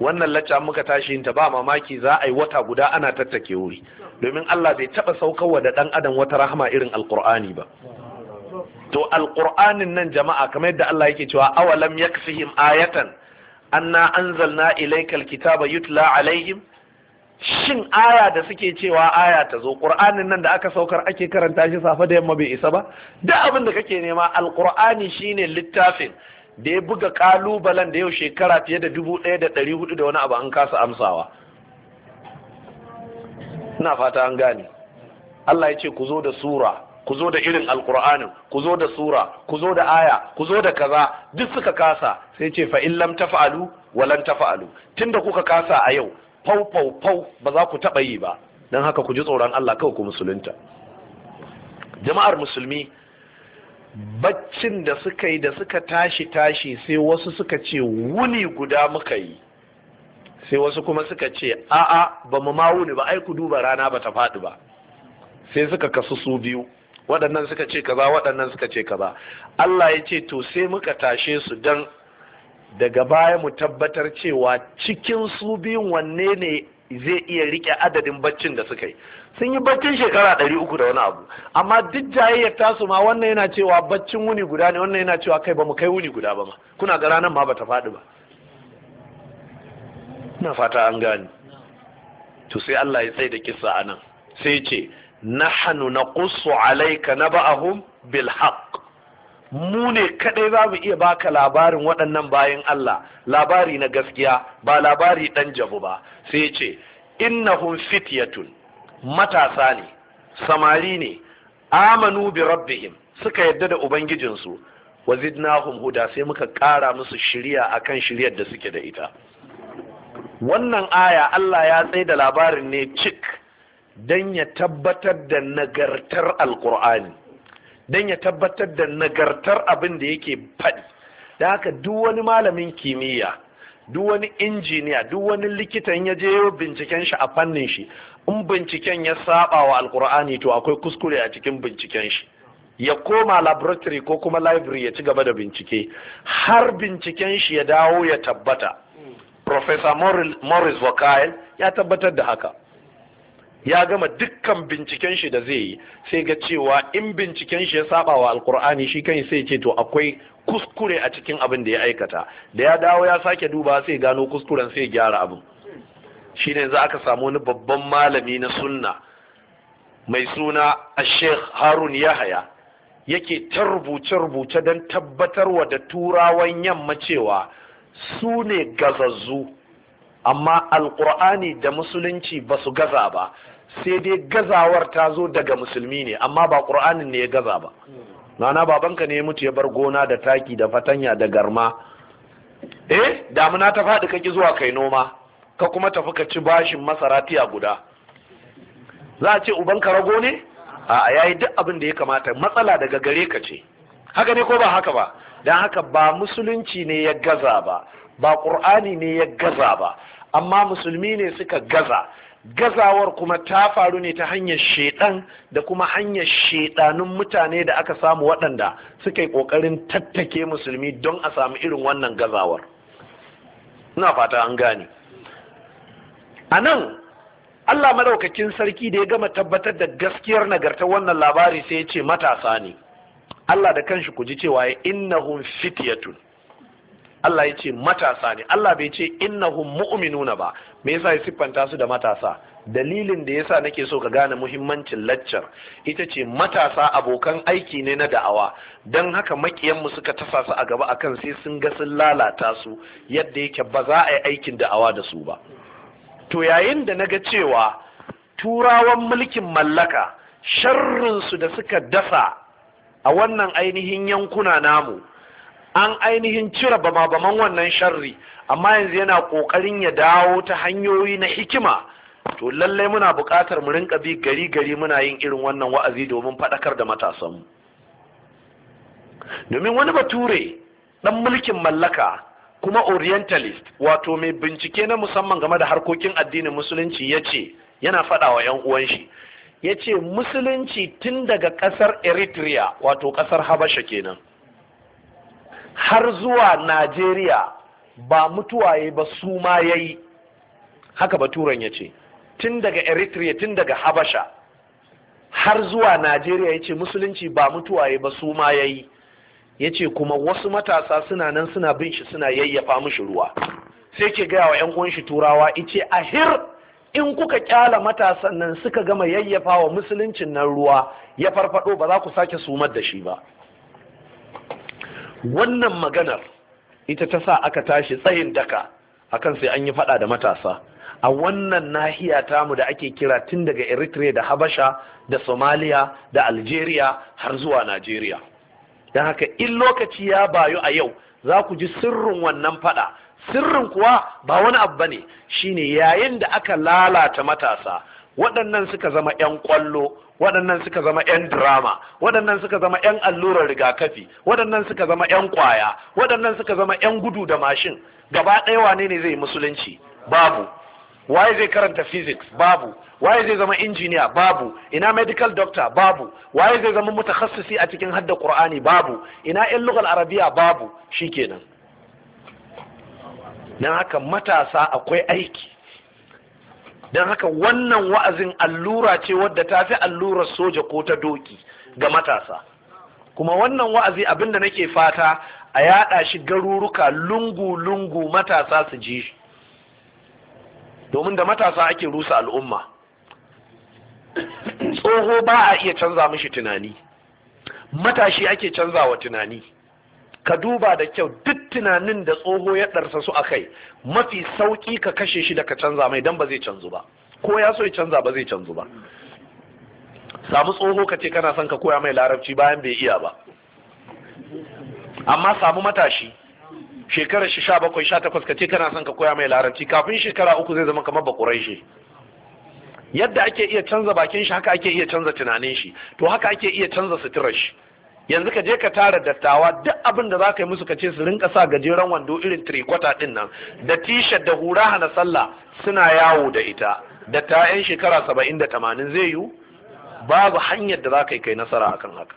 wannan lacca muka tashi yin ta ba mamaki za a yi wata guda ana tattake wuri domin Allah bai taba saukarwa da dan adam wata rahama irin alkur'ani ba to alkur'anin nan jama'a kamar yadda Allah yake cewa awalam yaksihim ayatan anna anzalna ilaykal kitaba yutla alaihim shin aya da suke cewa aya ta zo ƙur'anin nan da aka saukar ake karanta shi safe da yamma bai isa ba duk abin da kake nema alƙur'ani shine littafin da ya buga ƙalubalen da yau shekara fiye da dubu ɗaya da ɗari hudu da wani abu an kasa amsawa ina fata an gane Allah ya ce ku zo da sura ku zo da irin alƙur'anin ku zo da sura ku zo da aya ku zo da kaza duk suka kasa sai ce fa in lam tafa'alu wa tunda kuka kasa a yau fau fau fau ba za ku taɓa yi ba don haka ku ji tsoron Allah kawai ku musulunta jama'ar musulmi baccin da suka yi da suka tashi tashi sai wasu suka ce wuni guda muka yi sai wasu kuma suka ce a'a ba mu ma wuni ba ai ku duba rana ba ta faɗi ba sai suka kasu su biyu waɗannan suka ce kaza waɗannan suka ce kaza Allah ya ce to sai muka tashe su don. daga baya mu tabbatar cewa cikin su biyun wanne ne zai iya rike adadin baccin da suka yi sun yi baccin shekara ɗari uku da wani abu amma duk ya tasu ma wannan yana cewa baccin wuni guda ne wannan yana cewa kai ba mu kai wuni guda ba ma kuna ga ranar ma ba ta faɗi ba na fata an gani to sai Allah ya tsaye da kisa anan sai ce nahnu naqussu alayka naba'ahum bil haqq mu ne kadai za mu iya baka labarin waɗannan bayan Allah labari na gaskiya ba labari ɗan jabu ba sai ya ce innahum fityatun matasa ne samari ne amanu bi rabbihim suka yadda da ubangijinsu wa zidnahum huda sai muka ƙara musu shiriya akan shiryar da suke da ita wannan aya Allah ya tsaye da labarin ne cik don ya tabbatar da nagartar alkur'ani don ya tabbatar da nagartar abin da yake faɗi da haka duk wani malamin kimiyya duk wani injiniya duk wani likitan ya je binciken shi a fannin shi in binciken ya saba wa alkur'ani to akwai kuskure a cikin binciken shi ya koma laboratory ko kuma library ya ci gaba da bincike har binciken shi ya dawo ya tabbata professor morris wakayel ya tabbatar da haka ya gama dukkan binciken shi da zai yi sai ga cewa in binciken shi ya saba wa alkur'ani shi kan sai ce to akwai kuskure a cikin abin da ya aikata da ya dawo ya sake duba sai gano kuskuren sai gyara abin ne za aka samu wani babban malami na sunna mai suna a sheikh harun yahaya yake ta rubuce-rubuce don wa da turawan yamma cewa su ne gazazzu amma alkur'ani da musulunci ba su gaza ba sai dai gazawar ta zo daga musulmi ne amma ba ƙur'anin ne ya gaza ba Nana babanka ne ya mutu ya bar gona da taki da fatanya da garma eh damuna ta faɗi kaki zuwa kai noma ka kuma tafi ka ci bashin masara tiya guda za a ce ubanka rago ne a yayi duk abin da ya kamata matsala daga gare ka ce haka ne ko ba haka ba don haka ba musulunci ne ya gaza ba ba ƙur'ani ne ya gaza ba amma musulmi ne suka gaza gazawar kuma ta faru ne ta hanyar shaidan da kuma hanyar shaidanun mutane da aka samu waɗanda suka yi ƙoƙarin tattake musulmi don a samu irin wannan gazawar ina fata an gane a nan allah madaukakin sarki da ya gama tabbatar da gaskiyar nagarta wannan labari sai ya ce matasa ne allah da kanshi ku ji cewa ya innahum fityatun Allah ya ce matasa ne Allah bai ce innahum mu'minuna ba me yasa ya siffanta su da matasa dalilin da yasa nake so ka gane muhimmancin laccar ita ce matasa abokan aiki ne na da'awa don haka makiyanmu suka tasa su a gaba akan sai sun ga sun lalata su yadda yake ba za a yi aikin da'awa da su ba to yayin da na ga cewa turawan mulkin mallaka sharrinsu da suka dasa a wannan ainihin yankuna namu an ainihin cire bama-baman wannan sharri amma yanzu yana ƙoƙarin ya dawo ta hanyoyi na hikima to lallai muna buƙatar mu rinka bi gari gari muna yin irin wannan wa'azi domin faɗakar da matasanmu domin wani bature ɗan mulkin mallaka kuma orientalist wato mai bincike na musamman game da harkokin addinin musulunci ya ce yana faɗa wa 'yan uwan shi ya ce musulunci tun daga ƙasar eritrea wato ƙasar habasha kenan har zuwa najeriya ba mutuwaye ba su ma ya yi haka baturan ya ce tun daga eritrea tun daga habasha har zuwa najeriya ya ce musulunci ba mutuwaye ba su ma ya yi ya ce kuma wasu matasa suna nan suna bin shi suna yayyafa mushi ruwa sai ke gaya wa 'yan shi turawa ice ahir in kuka kyala matasan nan suka gama yayyafa wa musuluncin nan ruwa ya farfado ba za ku sake sumar da shi ba wannan maganar ita ta sa aka tashi tsayin daka akan sai an yi fada da matasa a wannan nahiya tamu da ake kira tun daga eritrea da habasha da somalia da algeria har zuwa nigeria don haka in lokaci ya bayu a yau za ku ji sirrin wannan fada sirrin kuwa ba wani abu ba ne shine yayin da aka lalata matasa waɗannan suka zama 'yan ƙwallo waɗannan suka zama 'yan drama waɗannan suka zama 'yan allurar rigakafi waɗannan suka zama 'yan ƙwaya waɗannan suka zama 'yan gudu da mashin gaba ɗaya wane ne zai musulunci babu waye zai karanta physics babu waye zai zama injiniya babu ina medical doctor babu waye zai zama mutakhassisi a cikin hadda qur'ani babu ina yan lugal arabiya babu Shi kenan. dan haka matasa akwai aiki don haka wannan wa'azin allura ce wadda ta fi allurar soja ko ta doki ga matasa kuma wannan wa'azi abin da nake fata a yaɗa shi garuruka lungu-lungu matasa su ji domin da matasa ake rusa al'umma tsoho ba a iya canza mishi tunani matashi ake canza wa tunani ka duba da kyau duk tunanin da tsoho ya ɗarsa su a kai mafi sauƙi ka kashe shi da ka canza mai don ba zai canzu ba ko ya so ya canza ba zai canzu ba samu tsoho ka ce kana son ka koya mai larabci bayan bai iya ba amma samu matashi shekarar shi sha bakwai sha takwas ka ce kana son ka koya mai larabci kafin shekara uku zai zama kamar bakurai shi yadda ake iya canza bakin shi haka ake iya canza tunanin shi to haka ake iya canza suturar shi yanzu ka je ka tara dattawa duk abin da za ka yi musu ka ce su rinka sa gajeren wando irin tirikwata din nan da tishat da hura hana sallah suna yawo da ita da ta yan shekara saba'in da tamanin zai yiwu babu hanyar da za ka yi kai nasara akan haka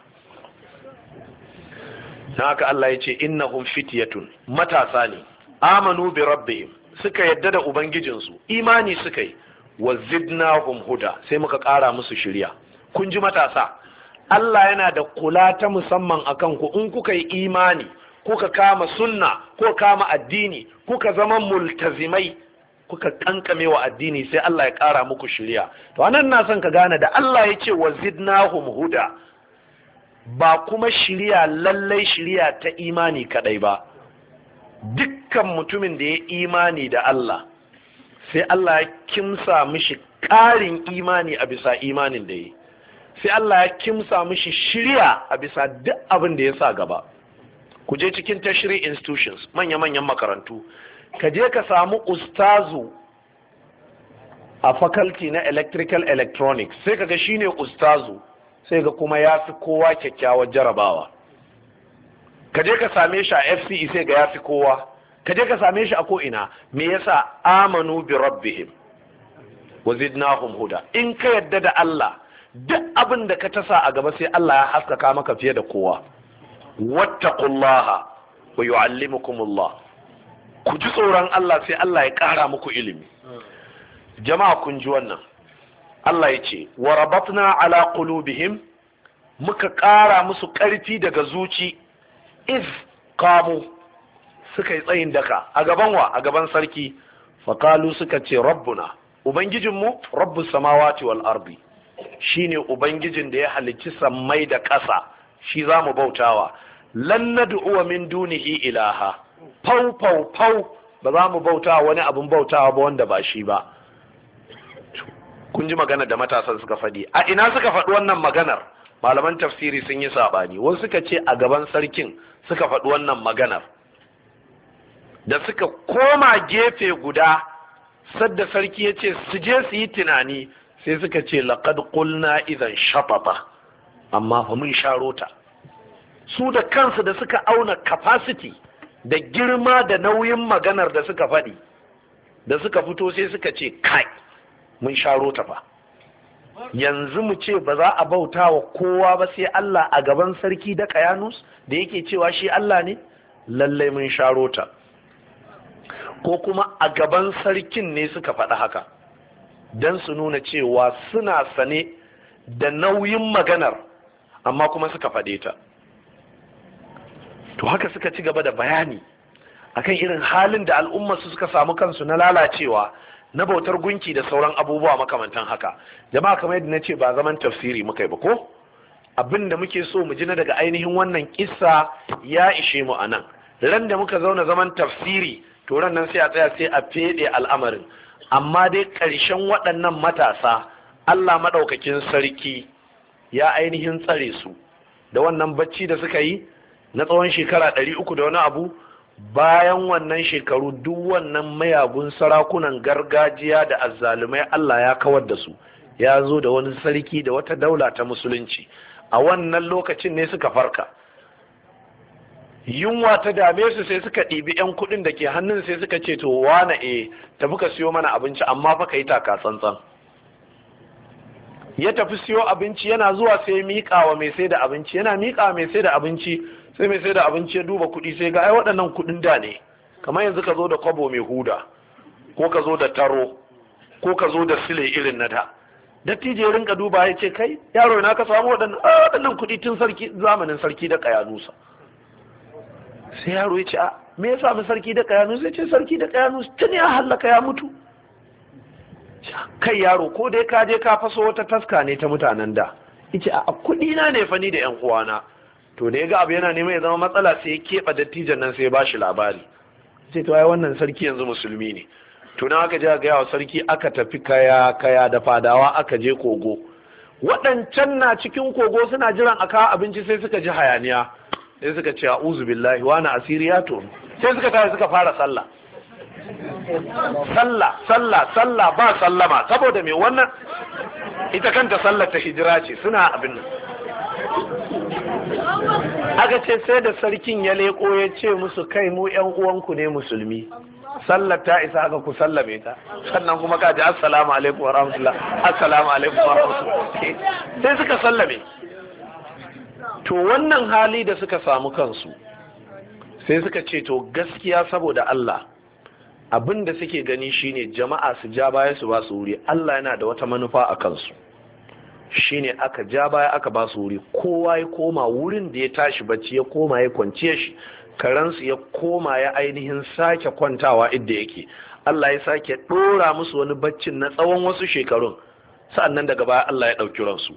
na haka Allah ya ce inna hum fityatun matasa ne amanu bi rabbihim suka yadda da ubangijinsu imani suka yi wa zidnahum huda sai muka kara musu shirya kun ji matasa Allah yana da kula ta musamman a kanku in kuka yi imani kuka kama sunna ko kama addini kuka zama multazimai kuka kankame wa addini sai Allah ya ƙara muku shirya to anan na son ka gane da Allah ya ce wa zidnahum huda ba kuma shirya lallai shirya ta imani kaɗai ba dukkan mutumin da ya imani da Allah sai Allah ya kimsa mishi ƙarin imani a bisa imanin da yi sai Allah ya kimsa mishi shirya a bisa duk abin da ya sa gaba ku je cikin tashiri institutions manya-manyan makarantu ka je ka samu ustazu a faculty na electrical electronics sai kaga shine ustazu sai ga kuma ya fi kowa kyakkyawar jarabawa ka je ka same shi a fce sai ga ya fi kowa ka je ka same shi a ko'ina me yasa amanu bi rabbihim wa zidnahum huda in ka yadda da Allah duk abin da ka tasa a gaba sai Allah ya haskaka maka fiye da kowa wattaqullaha wa yu'allimukumullah ku ji tsoron Allah sai Allah ya ƙara muku ilimi jama'a kun ji wannan Allah ya ce wa rabatna ala qulubihim muka ƙara musu ƙarfi daga zuci iz kamu suka yi tsayin daka a gaban wa a gaban sarki faƙalu suka ce rabbuna ubangijinmu rabbu samawati wal ardi shine ubangijin da ya halicci sammai da ƙasa shi za mu bautawa lan nad'u min dunihi ilaha fau fau fau ba za mu bautawa wani abin bautawa ba wanda ba shi ba kun ji magana da matasan suka faɗi a ina suka faɗi wannan maganar malaman tafsiri sun yi saɓani wasu suka ce a gaban sarkin suka faɗi wannan maganar da suka koma gefe guda sadda sarki ya ce su je su yi tunani sai suka ce laqad qulna idan shatata amma fa mun sharo ta su da kansu da suka auna capacity da girma da nauyin maganar da suka faɗi da suka fito sai suka ce kai mun sharo ta fa yanzu mu ce ba za a bauta wa kowa ba sai Allah a gaban sarki da kayanus da yake cewa shi Allah ne lallai mun sharo ta ko kuma a gaban sarkin ne suka faɗi haka don su nuna cewa suna sane da nauyin maganar amma kuma suka faɗe ta to haka suka ci gaba da bayani akan irin halin da su suka samu kansu na lalacewa na bautar gunki da sauran abubuwa makamantan haka jama'a kamar yadda na ce ba zaman tafsiri muka yi ba ko abin da muke so mu ji na daga ainihin wannan kissa ya ishe mu a nan ran da muka zauna zaman tafsiri to ran nan sai a tsaya sai a fede al'amarin amma dai ƙarshen waɗannan matasa Allah maɗaukakin sarki ya ainihin tsare su da wannan bacci da suka yi na tsawon shekara ɗari uku da wani abu bayan wannan shekaru duk wannan mayagun sarakunan gargajiya da azzalumai Allah ya kawar da su ya zo da wani sarki da wata daula ta musulunci a wannan lokacin ne suka farka yunwa ta dame su sai suka ɗibi 'yan kuɗin da ke hannun sai suka ce to wane e tafi ka siyo mana abinci amma fa ka yi taka tsantsan ya tafi siyo abinci yana zuwa sai miƙa wa mai sai da abinci yana miƙa mai sai da abinci sai mai sai da abinci ya duba kuɗi sai ga ai waɗannan kuɗin da ne kamar yanzu ka zo da kwabo mai huda ko ka zo da taro ko ka zo da sile irin na da dattijo ya rinka duba ya ce kai yaro na ka samu waɗannan kuɗi tun sarki zamanin sarki da ƙayanusa sai yaro ya ce a me yasa samu sarki da kayanu Sai ce sarki da kayanu tun ya hallaka ya mutu kai yaro ko dai ka je ka faso wata taska ne ta mutanen da yace a kudi na ne fani da yan uwana to da ya ga abu yana neman ya zama matsala sai ya keɓe dattijan nan sai ya bashi labari sai to ai wannan sarki yanzu musulmi ne to na aka je ga yawa sarki aka tafi kaya kaya da fadawa aka je kogo waɗancan na cikin kogo suna jiran a kawo abinci sai suka ji hayaniya sai suka ce a'udhu billahi wa ana to sai suka tare suka fara sallah sallah sallah sallah ba sallama saboda me wannan ita kanta sallar ta hijira ce suna abin nan aka ce sai da sarkin ya leko ya ce musu kai mu yan uwanku ne musulmi sallar ta isa aka ku sallame ta sannan kuma ka ji assalamu alaikum wa rahmatullah assalamu alaikum wa rahmatullah sai suka sallame to wannan hali da suka samu kansu sai suka ce to gaskiya saboda Allah abin da suke gani shine jama'a su ja baya su ba su wuri Allah yana da wata manufa a kansu shine aka ja baya aka ba su wuri kowa ya koma wurin da ya tashi bacci ya koma ya kwanciya shi karansu ya koma ya ainihin sake kwantawa idda yake Allah ya sake ɗora musu wani baccin na tsawon wasu shekarun sa'annan daga baya Allah ya ɗauki ransu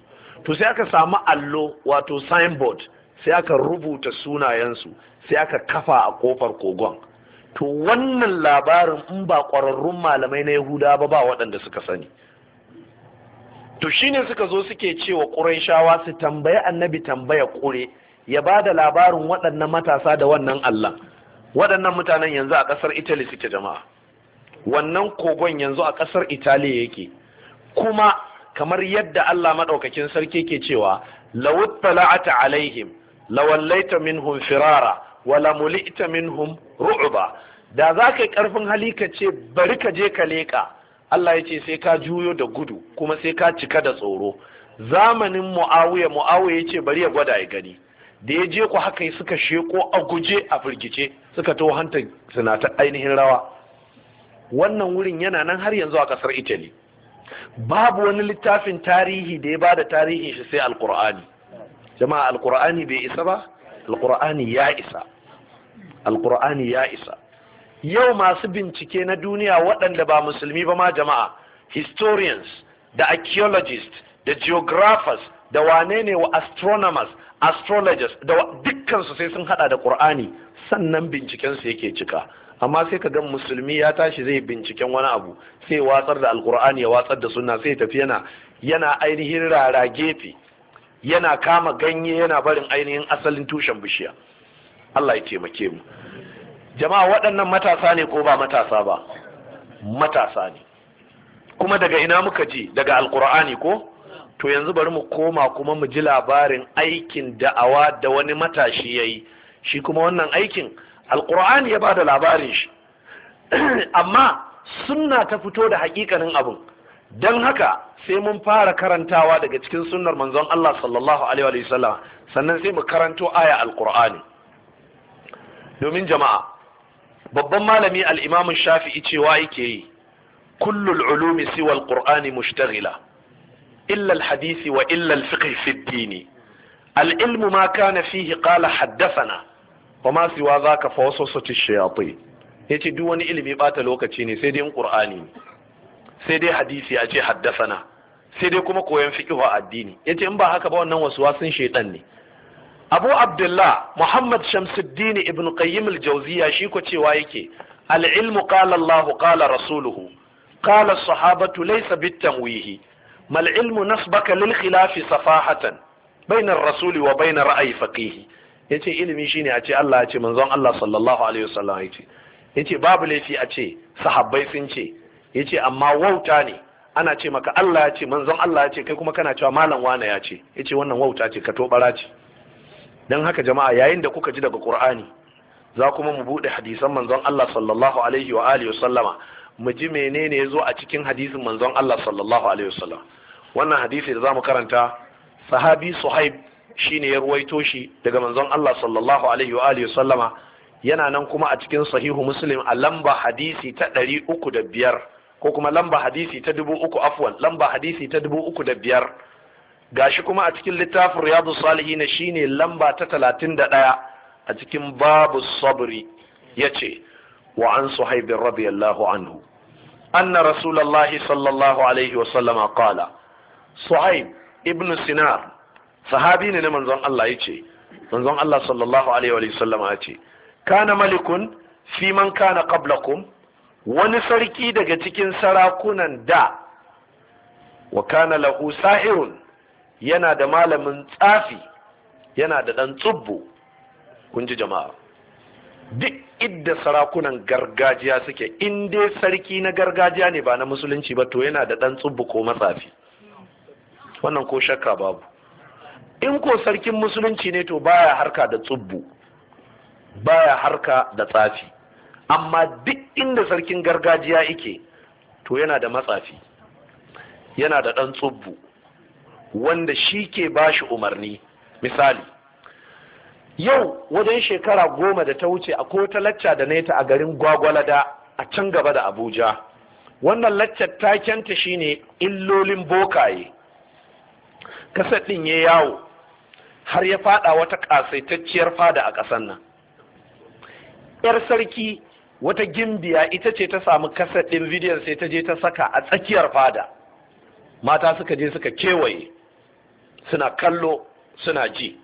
to sai aka samu allo wato signboard sai aka rubuta sunayensu sai aka kafa a kofar kogon to wannan labarin in ba ƙwararrun malamai na yahuda ba ba waɗanda suka sani to shine suka zo suke cewa ƙurayshawa su tambayi annabi tambaya ƙure ya ba da labarin waɗannan matasa da wannan allah waɗannan mutanen yanzu a ƙasar italy suke jama'a wannan kogon yanzu a ƙasar italiya yake kuma kamar yadda Allah madaukakin sarki ke cewa lawut tala'ata alaihim lawallaita minhum firara wala mulita minhum ru'ba da za ka yi karfin hali ka ce bari ka je ka leka Allah ya ce sai ka juyo da gudu kuma sai ka cika da tsoro zamanin mu'awiya mu'awiya ya ce bari ya gwada ya gani da ya je ku haka suka sheko a guje a firgice suka to hanta suna ta ainihin rawa wannan wurin yana nan har yanzu a ƙasar italy babu wani littafin tarihi da ya ba da tarihin shi sai alkur'ani jama'a alkur'ani bai isa ba alkur'ani ya isa alkur'ani ya isa yau masu bincike na duniya waɗanda ba musulmi ba ma jama'a historians da archaeologists da geographers da wane ne wa astronomers astrologers da dukkansu sai sun hada da ƙur'ani, sannan bincikensu yake cika amma sai ka ga musulmi ya tashi zai binciken wani abu sai watsar da alkur'ani ya watsar da sunna sai tafi yana yana ainihin rara gefe yana kama ganye yana barin ainihin asalin tushen bishiya Allah ya taimake mu jama'a waɗannan matasa ne ko ba matasa ba matasa ne kuma daga ina muka ji daga alkur'ani ko to yanzu bari mu koma kuma mu ji labarin aikin da'awa da wani matashi ya yi shi kuma wannan aikin alqur'ani ya bada labarin shi amma sunna ta fito da hakikanin abun don haka sai mun fara karantawa daga cikin sunnar manzon Allah sallallahu alaihi wasallam sannan sai mu karanto aya alkur'ani domin jama'a babban malami al shafi'i cewa yake yi kullul ulumi siwa ƙurani mushtaghila illa alhadisi wa illa alfiqh fi ad-din العلم ما كان فيه haddasa na. wa ma siwa za ka fa wasu sati ya ce duk wani ilimi bata lokaci ne sai dai in ƙur'ani sai dai hadisi a ce haddasana sai dai kuma koyon fiƙihu a addini ya ce in ba haka ba wannan wasu wasun shaiɗan ne abu abdullah muhammad shamsuddin ibn qayyim al-jawziya shi ko cewa yake al-ilmu qala allah qala rasuluhu qala as-sahabatu laysa bit-tanwihi mal ilmu nasbaka lil khilafi safahatan bayna ar-rasuli wa bayna ra'yi faqihi yace ilimi shi ne a ce Allah ya ce manzon Allah sallallahu alaihi wasallam ya ce ce babu laifi a ce sahabbai sun ce yace amma wauta ne ana ce maka Allah ya ce manzon Allah ya ce kai kuma kana cewa malam wane ya ce yace wannan wauta ce ka tobara ce dan haka jama'a yayin da kuka ji daga Qur'ani za kuma mu bude hadisan manzon Allah sallallahu alaihi wa alihi wasallama mu ji menene ya zo a cikin hadisin manzon Allah sallallahu alaihi wasallam wannan hadisi da zamu karanta sahabi Suhaib shine ya ruwaito shi daga manzon Allah sallallahu alaihi wa alihi sallama yana nan kuma a cikin sahihu muslim a lamba hadisi ta ɗari uku da biyar ko kuma lamba hadisi ta dubu uku afwan lamba hadisi ta dubu uku da biyar gashi kuma a cikin littafin riyadu na shine lamba ta talatin da ɗaya a cikin babu sabri ya ce wa an suhaibin radiyallahu anhu anna rasulallahi sallallahu alaihi wa sallama suhaib ibn sinar sahabi ne na manzon Allah yace manzon Allah sallallahu alaihi wa sallama yace kana malikun fi man kana qablakum wani sarki daga cikin sarakunan da wa kana lahu sahirun yana da malamin tsafi yana da dan tsubbu kun ji jama'a duk idda sarakunan gargajiya suke in dai sarki na gargajiya ne ba na musulunci ba to yana da dan tsubbu ko matsafi wannan ko shakka babu in ko sarkin musulunci ne to baya harka da tsubbu baya harka da tsafi amma duk inda sarkin gargajiya yake to yana da matsafi yana da ɗan tsubbu wanda shi ke ba shi umarni misali yau wajen shekara goma da ta wuce a ta lacca da neta a garin gwagwalada a can gaba da abuja wannan laccar takenta shine illolin bokaye kasar ɗin ya yawo har ya fada wata kasaitacciyar fada a ƙasar nan yar sarki wata gimbiya ita ce ta samu kasar ɗin bidiyon sai ta je ta saka a tsakiyar fada mata suka je suka kewaye suna kallo suna ji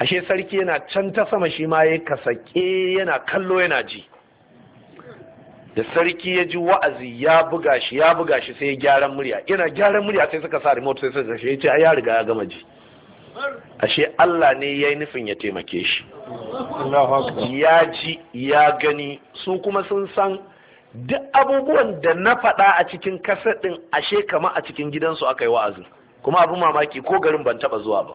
ashe sarki yana can ta sama shi ma ya kasake yana kallo yana ji da sarki ya ji wa'azi ya buga shi ya buga shi sai ya gyaran murya yana gyaran murya sai suka sa remote sai suka shi ya ce ya riga ya gama ji ashe Allah ne ya yi nufin ya taimake shi ya ji ya gani su kuma sun san duk abubuwan da na faɗa a cikin kasaɗin ashe kama a cikin gidansu aka yi wa'azin kuma abu mamaki ko garin ban taɓa zuwa ba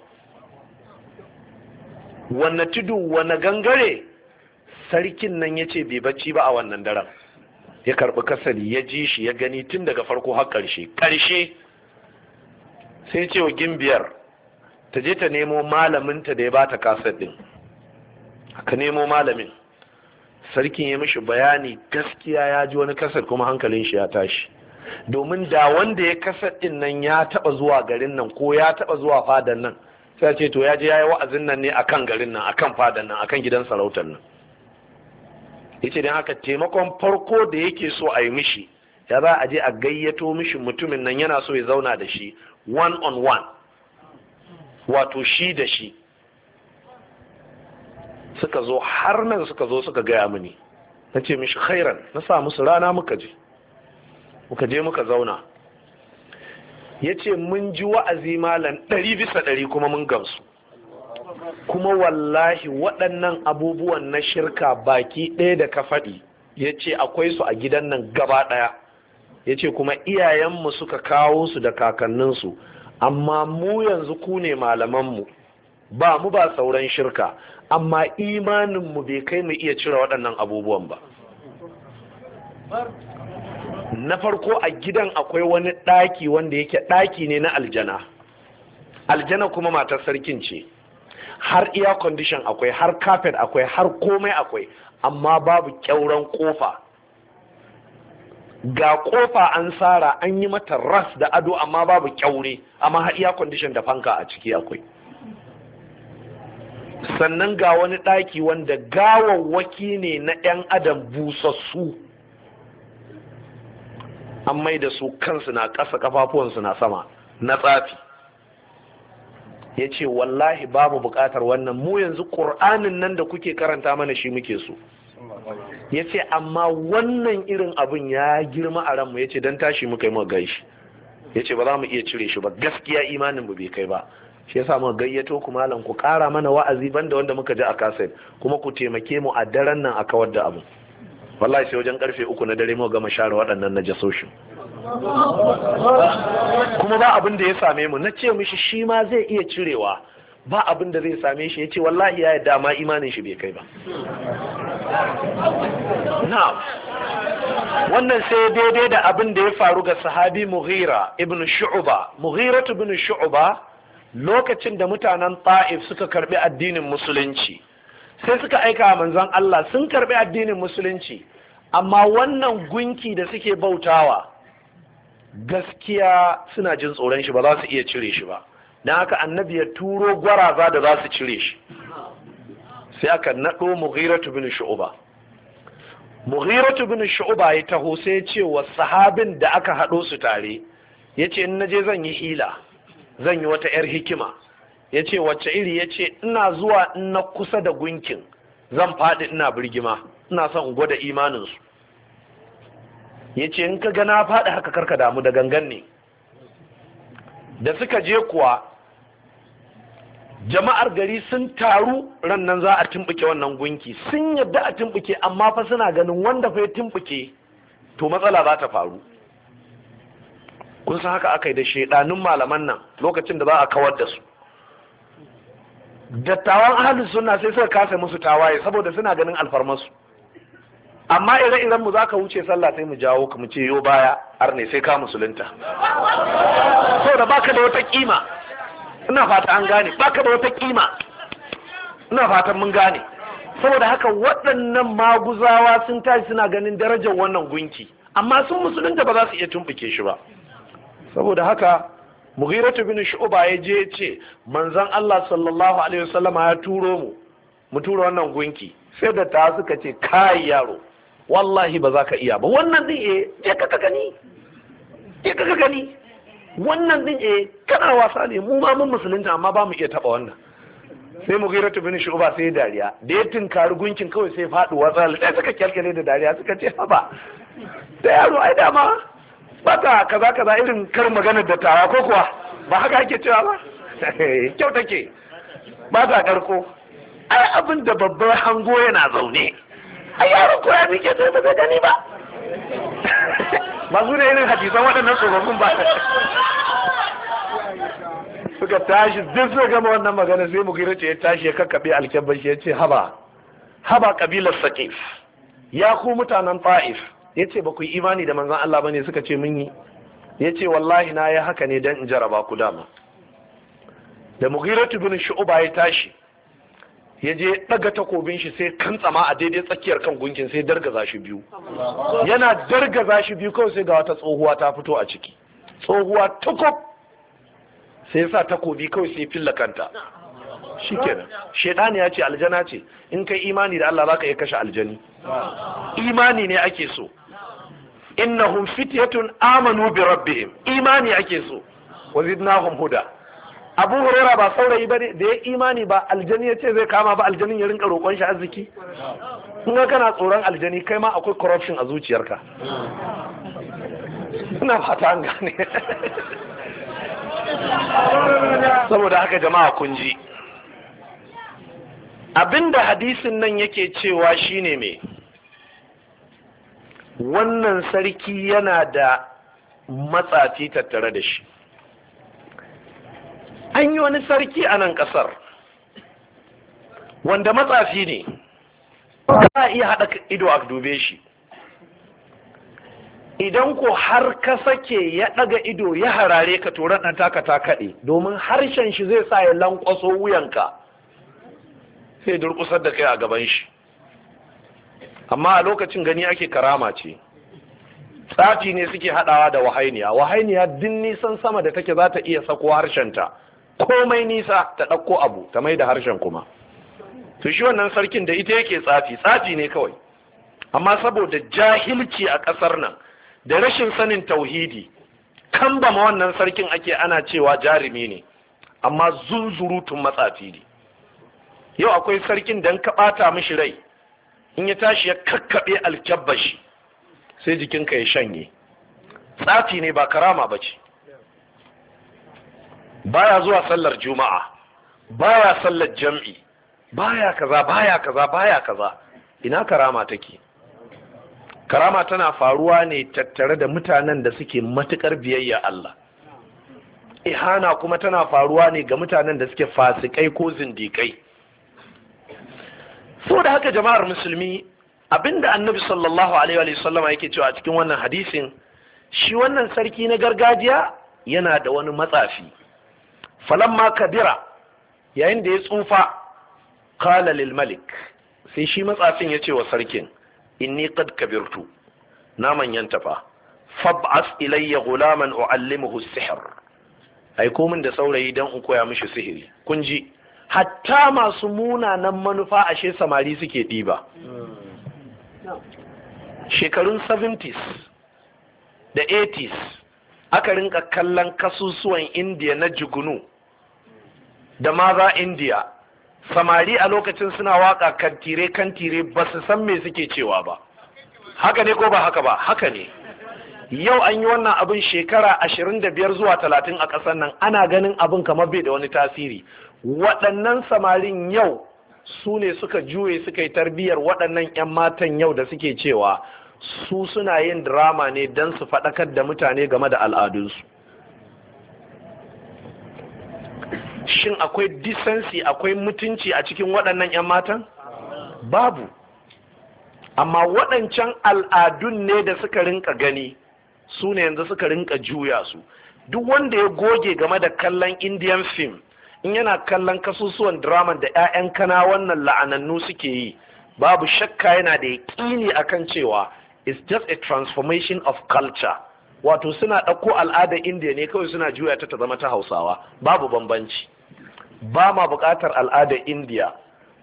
wanne tudu wanne gangare sarkin nan ya ce bai bacci ba a wannan daren ya karɓi kasar ya ji shi ya gani tun daga farko har ƙarshe ƙarshe sai ce wa gimbiyar ta je ta nemo malaminta da ya bata kasar din aka nemo malamin sarkin ya mishi bayani gaskiya ya ji wani kasar kuma hankalin shi ya tashi domin da wanda ya kasar din nan ya taba zuwa garin nan ko ya taba zuwa fadan nan sai ce to ya je yi wa'azin nan ne akan garin nan akan fadan nan akan gidan sarautar nan yace dan haka taimakon farko da yake so a yi mishi ya za a je a gayyato mishi mutumin nan yana so ya zauna da shi one on one wato shi da shi suka zo har nan suka zo suka gaya mini na ce mishi khairan na sa musu rana muka je muka je muka zauna ya ce mun ji wa'azi malam ɗari bisa ɗari kuma mun gamsu kuma wallahi waɗannan abubuwan na shirka baki ɗaya da ka faɗi ya ce akwai su a gidan nan gaba ɗaya ya ce kuma iyayenmu suka kawo su da kakanninsu amma mu yanzu ku ne malamanmu ba mu ba sauran shirka amma imaninmu bai kai mu iya cire waɗannan abubuwan ba na farko a gidan akwai wani ɗaki wanda yake ɗaki ne na aljana aljana kuma matar sarkin ce har iya condition akwai har kafet akwai har komai akwai amma babu kyauran kofa ga kofa an tsara an yi mata ras da ado amma babu kyaure amma har iya condition da fanka a ciki akwai sannan ga wani ɗaki wanda gawawwaki ne na 'yan adam busassu an mai da su kansu na ƙasa kafafuwansu na sama na tsafi ya ce wallahi babu buƙatar wannan mu yanzu ƙur'anin nan da kuke karanta mana shi muke so ya ce amma wannan irin abin ya girma a ranmu ya ce don tashi muka yi muka shi ya ce ba za mu iya cire shi ba gaskiya imanin mu bai kai ba shi yasa mu gayyato ku malam ku kara mana wa'azi banda wanda muka ji a kaset kuma ku taimake mu a daren nan a kawar da abu wallahi sai wajen karfe uku na dare mu gama share waɗannan na jasoshin kuma ba abin da ya same mu na ce mishi shi ma zai iya cirewa ba abin da zai same shi ya ce wallahi ya yadda ma imanin shi bai kai ba na wannan sai daidai da abin da ya faru ga sahabi mughira ibn Shu'uba. mughira ibn Shu'uba lokacin da mutanen ta'if suka karbi addinin musulunci sai suka aika manzon Allah sun karbi addinin musulunci amma wannan gunki da suke bautawa gaskiya suna jin tsoron shi ba za su iya cire shi ba don haka annabi ya turo gwaraza da za su cire shi sai aka naɗo mughiratu bin shu'uba mughiratu bin shu'uba ya taho sai ya ce wa sahabin da aka haɗo su tare ya ce in naje zan yi hila zan yi wata 'yar hikima ya ce wacce iri ya ce ina zuwa ina kusa da gunkin zan faɗi ina birgima ina son in gwada imaninsu ya ce in ka ga na faɗi haka karka damu da gangan ne da suka je kuwa jama'ar gari sun taru rannan za a timbuke wannan gunki sun yadda a timbuke amma fa suna ganin wanda fa ya timbuke to matsala za ta faru kun san haka aka yi da shaidanun malaman nan lokacin da za a kawar da su dattawan ahalin sunna sai suka kasa musu tawaye saboda suna ganin alfarmasu amma ire-iren mu za ka wuce sallah sai mu jawo ka mu ce yo baya arne sai ka musulunta saboda baka da wata kima ina fata an gane baka da wata kima ina fatan mun gane saboda haka waɗannan maguzawa sun tashi suna ganin darajar wannan gunki amma sun musulunta ba za su iya tumbuke shi ba saboda haka mughiratu bin shu'ba ya je ce manzon Allah sallallahu alaihi wasallam ya turo mu mu turo wannan gunki sai da ta suka ce kai yaro wallahi ba za ka iya ba wannan zai eh je ka gani je ka gani wannan din eh kana wasa ne mu ma mun musulunta amma ba mu iya taba wannan sai mugira ta bin uba sai dariya da ya tinkari gunkin kawai sai faɗi watsal sai suka kyalkyale da dariya suka ce haba da yaro ai dama ta kaza kaza irin kar maganar da tawa ko kuwa ba haka ake cewa ba kyau take ba ta karko ai abin da babbar hango yana zaune ai yaro ko ya mike sai ba gani ba ba su ne irin hadisan waɗannan tsofaffin ba suka tashi duk su gama wannan magana sai mu kira ce ya tashi ya kakkaɓe alkyabban shi ya ce haba haba kabilar saƙif ya ku mutanen fa'if ya ce ba ku imani da manzan Allah ba ne suka ce mun yi ya ce wallahi na ya haka ne don in jaraba ku dama da mughiratu bin shu'uba ya tashi ya je ɗaga takobin shi sai kantsama a daidai tsakiyar kan gunkin sai dargaza shi biyu yana dargaza shi biyu kawai sai ga wata tsohuwa ta fito a ciki tsohuwa takob sai sa takobi kawai sai filla kanta Shi kenan shaidani ya ce aljana ce in kai imani da Allah zaka iya kashe aljani imani ne ake so innahum fityatun amanu bi rabbihim imani ake so wazidnahum huda abu hurera ba saurayi ba ne da ya imani ba aljani ya ce zai kama ba aljanin ya rinka roƙon shi arziki In ga kana tsoron aljani kai ma akwai corruption a zuciyarka ina fata an gane saboda haka jama'a kun ji abinda hadisin nan yake cewa shine me wannan sarki yana da matsafi tattare da shi an yi wani sarki a nan ƙasar wanda matsafi ne ba a iya haɗa ido a dube shi idan ko har ka sake ya ɗaga ido ya harare ka turan ɗan taka ta kaɗe domin harshen shi zai sa ya lankwaso wuyanka sai durƙusar da kai a gaban shi amma a lokacin gani ake karama ce tsafi ne suke haɗawa da wahainiya wahainiya din nisan sama da take za ta iya sako harshenta komai nisa ta ɗauko abu ta mai da harshen kuma to shi wannan sarkin da ita yake tsafi tsafi ne kawai amma saboda jahilci a ƙasar nan da rashin sanin tauhidi kan ba ma wannan sarkin ake ana cewa jarumi ne amma zunzurutun matsafi ne yau akwai sarkin dan ka ɓata mishi rai in ya tashi ya kakkaɓe alkyabbashi sai jikinka ya shanye tsafi ne ba karama ba ce baya zuwa sallar juma'a baya sallar jam'i baya kaza baya kaza baya kaza ina karama take karama tana faruwa ne tattare da mutanen da suke matukar biyayya Allah ihana kuma tana faruwa ne ga mutanen da suke fasikai ko zindikai So da haka jama'ar musulmi abinda annabi sallallahu alaihi wa sallama yake cewa a cikin wannan hadisin shi wannan sarki na gargajiya yana da wani matsafi ma kabira yayin da ya tsufa qala lil malik sai shi matsafin ya ce wa sarkin inni qad kabirtu na manyan tafa fab'as ilayya gulaman u'allimuhu sihr aiko min da saurayi dan in koya mishi sihiri kun ji hatta masu munanan manufa ashe samari suke diba shekarun 70s da 80s aka rinka kallon kasusuwan indiya na jigunu da maza india samari a lokacin suna waka kantire kantire ba su san me suke cewa ba haka ne ko ba haka ba haka ne yau an yi wannan abin shekara ashirin da biyar zuwa talatin a ƙasar nan ana ganin abin kamar bai da wani tasiri waɗannan samarin yau su ne suka juye suka yi tarbiyyar waɗannan 'yan matan yau da suke cewa su suna yin drama ne don su faɗakar da mutane game da al'adunsu shin akwai disansi akwai mutunci a cikin waɗannan 'yan matan babu amma waɗancan al'adun ne da suka rinka gani su ne yanzu suka rinka juya su duk wanda ya goge game da kallon indian film in yana kallon kasusuwan drama da 'ya'yan kana wannan la'anannu suke yi babu shakka yana da yaƙini akan cewa it's just a transformation of culture wato suna ɗauko al'adar indiya ne kawai suna juya ta ta zama ta hausawa babu bambanci ba ma buƙatar al'adar indiya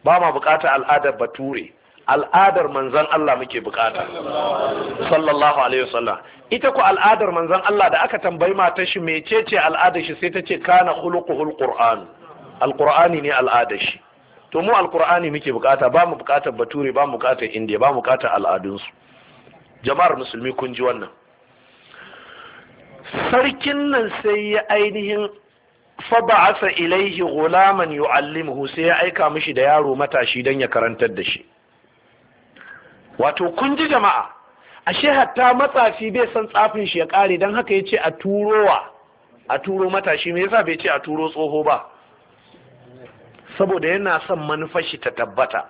ba ma buƙatar al'adar bature al'adar manzan Allah muke buƙata. sallallahu alaihi wasallam ita ku al'adar manzan Allah da aka tambayi mata shi mecece al'adar shi sai ta ce kana khuluquhul qur'an alqur'ani ne al'adar shi to mu alqur'ani muke buƙata, ba mu buƙatar bature ba mu buƙatar indiya ba mu buƙatar al'adun su jama'ar musulmi kun ji wannan sarkin nan sai ya ainihin fa ba'asa ilaihi ghulaman yu'allimuhu sai ya aika mishi da yaro matashi dan ya karantar da shi wato kun ji jama'a ashe hatta matsafi bai san tsafin shi ya kare dan haka yace a turowa a turo matashi me yasa bai ce a turo tsoho ba saboda yana son manufar ta tabbata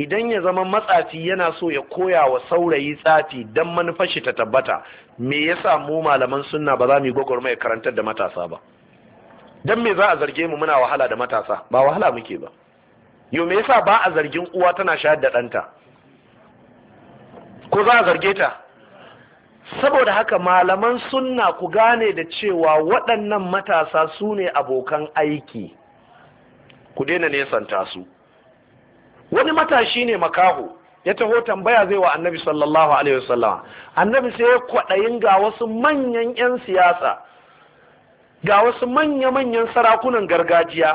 idan ya zama matsafi yana so ya koya wa saurayi tsafi dan manufar ta tabbata me yasa mu malaman sunna ba za mu yi gwagwarmaya karantar da matasa ba Don me za a zarge mu muna wahala da matasa ba wahala muke ba yau me yasa ba a zargin uwa tana shayar da ɗanta ko za a zarge ta saboda haka malaman sunna ku gane da cewa waɗannan matasa su ne abokan aiki ku daina nesanta su wani matashi ne makaho ya taho tambaya zai wa annabi sallallahu alaihi wasallama annabi sai ya kwaɗayin ga wasu manyan 'yan siyasa ga wasu manya-manyan sarakunan gargajiya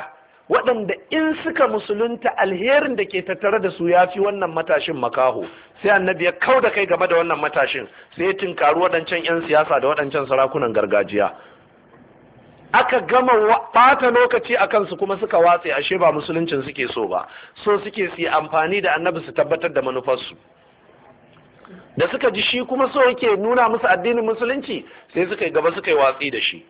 waɗanda in suka musulunta alherin da ke tattare da su ya fi wannan matashin makaho sai annabi ya kau da kai game da wannan matashin sai ya tinkaru waɗancan 'yan siyasa da waɗancan sarakunan gargajiya aka gama ɓata lokaci a kansu kuma suka watse ashe ba musuluncin suke so ba so suke su amfani da annabi su tabbatar da manufarsu da suka ji shi kuma so yake nuna musu addinin musulunci sai suka yi gaba suka yi watsi da shi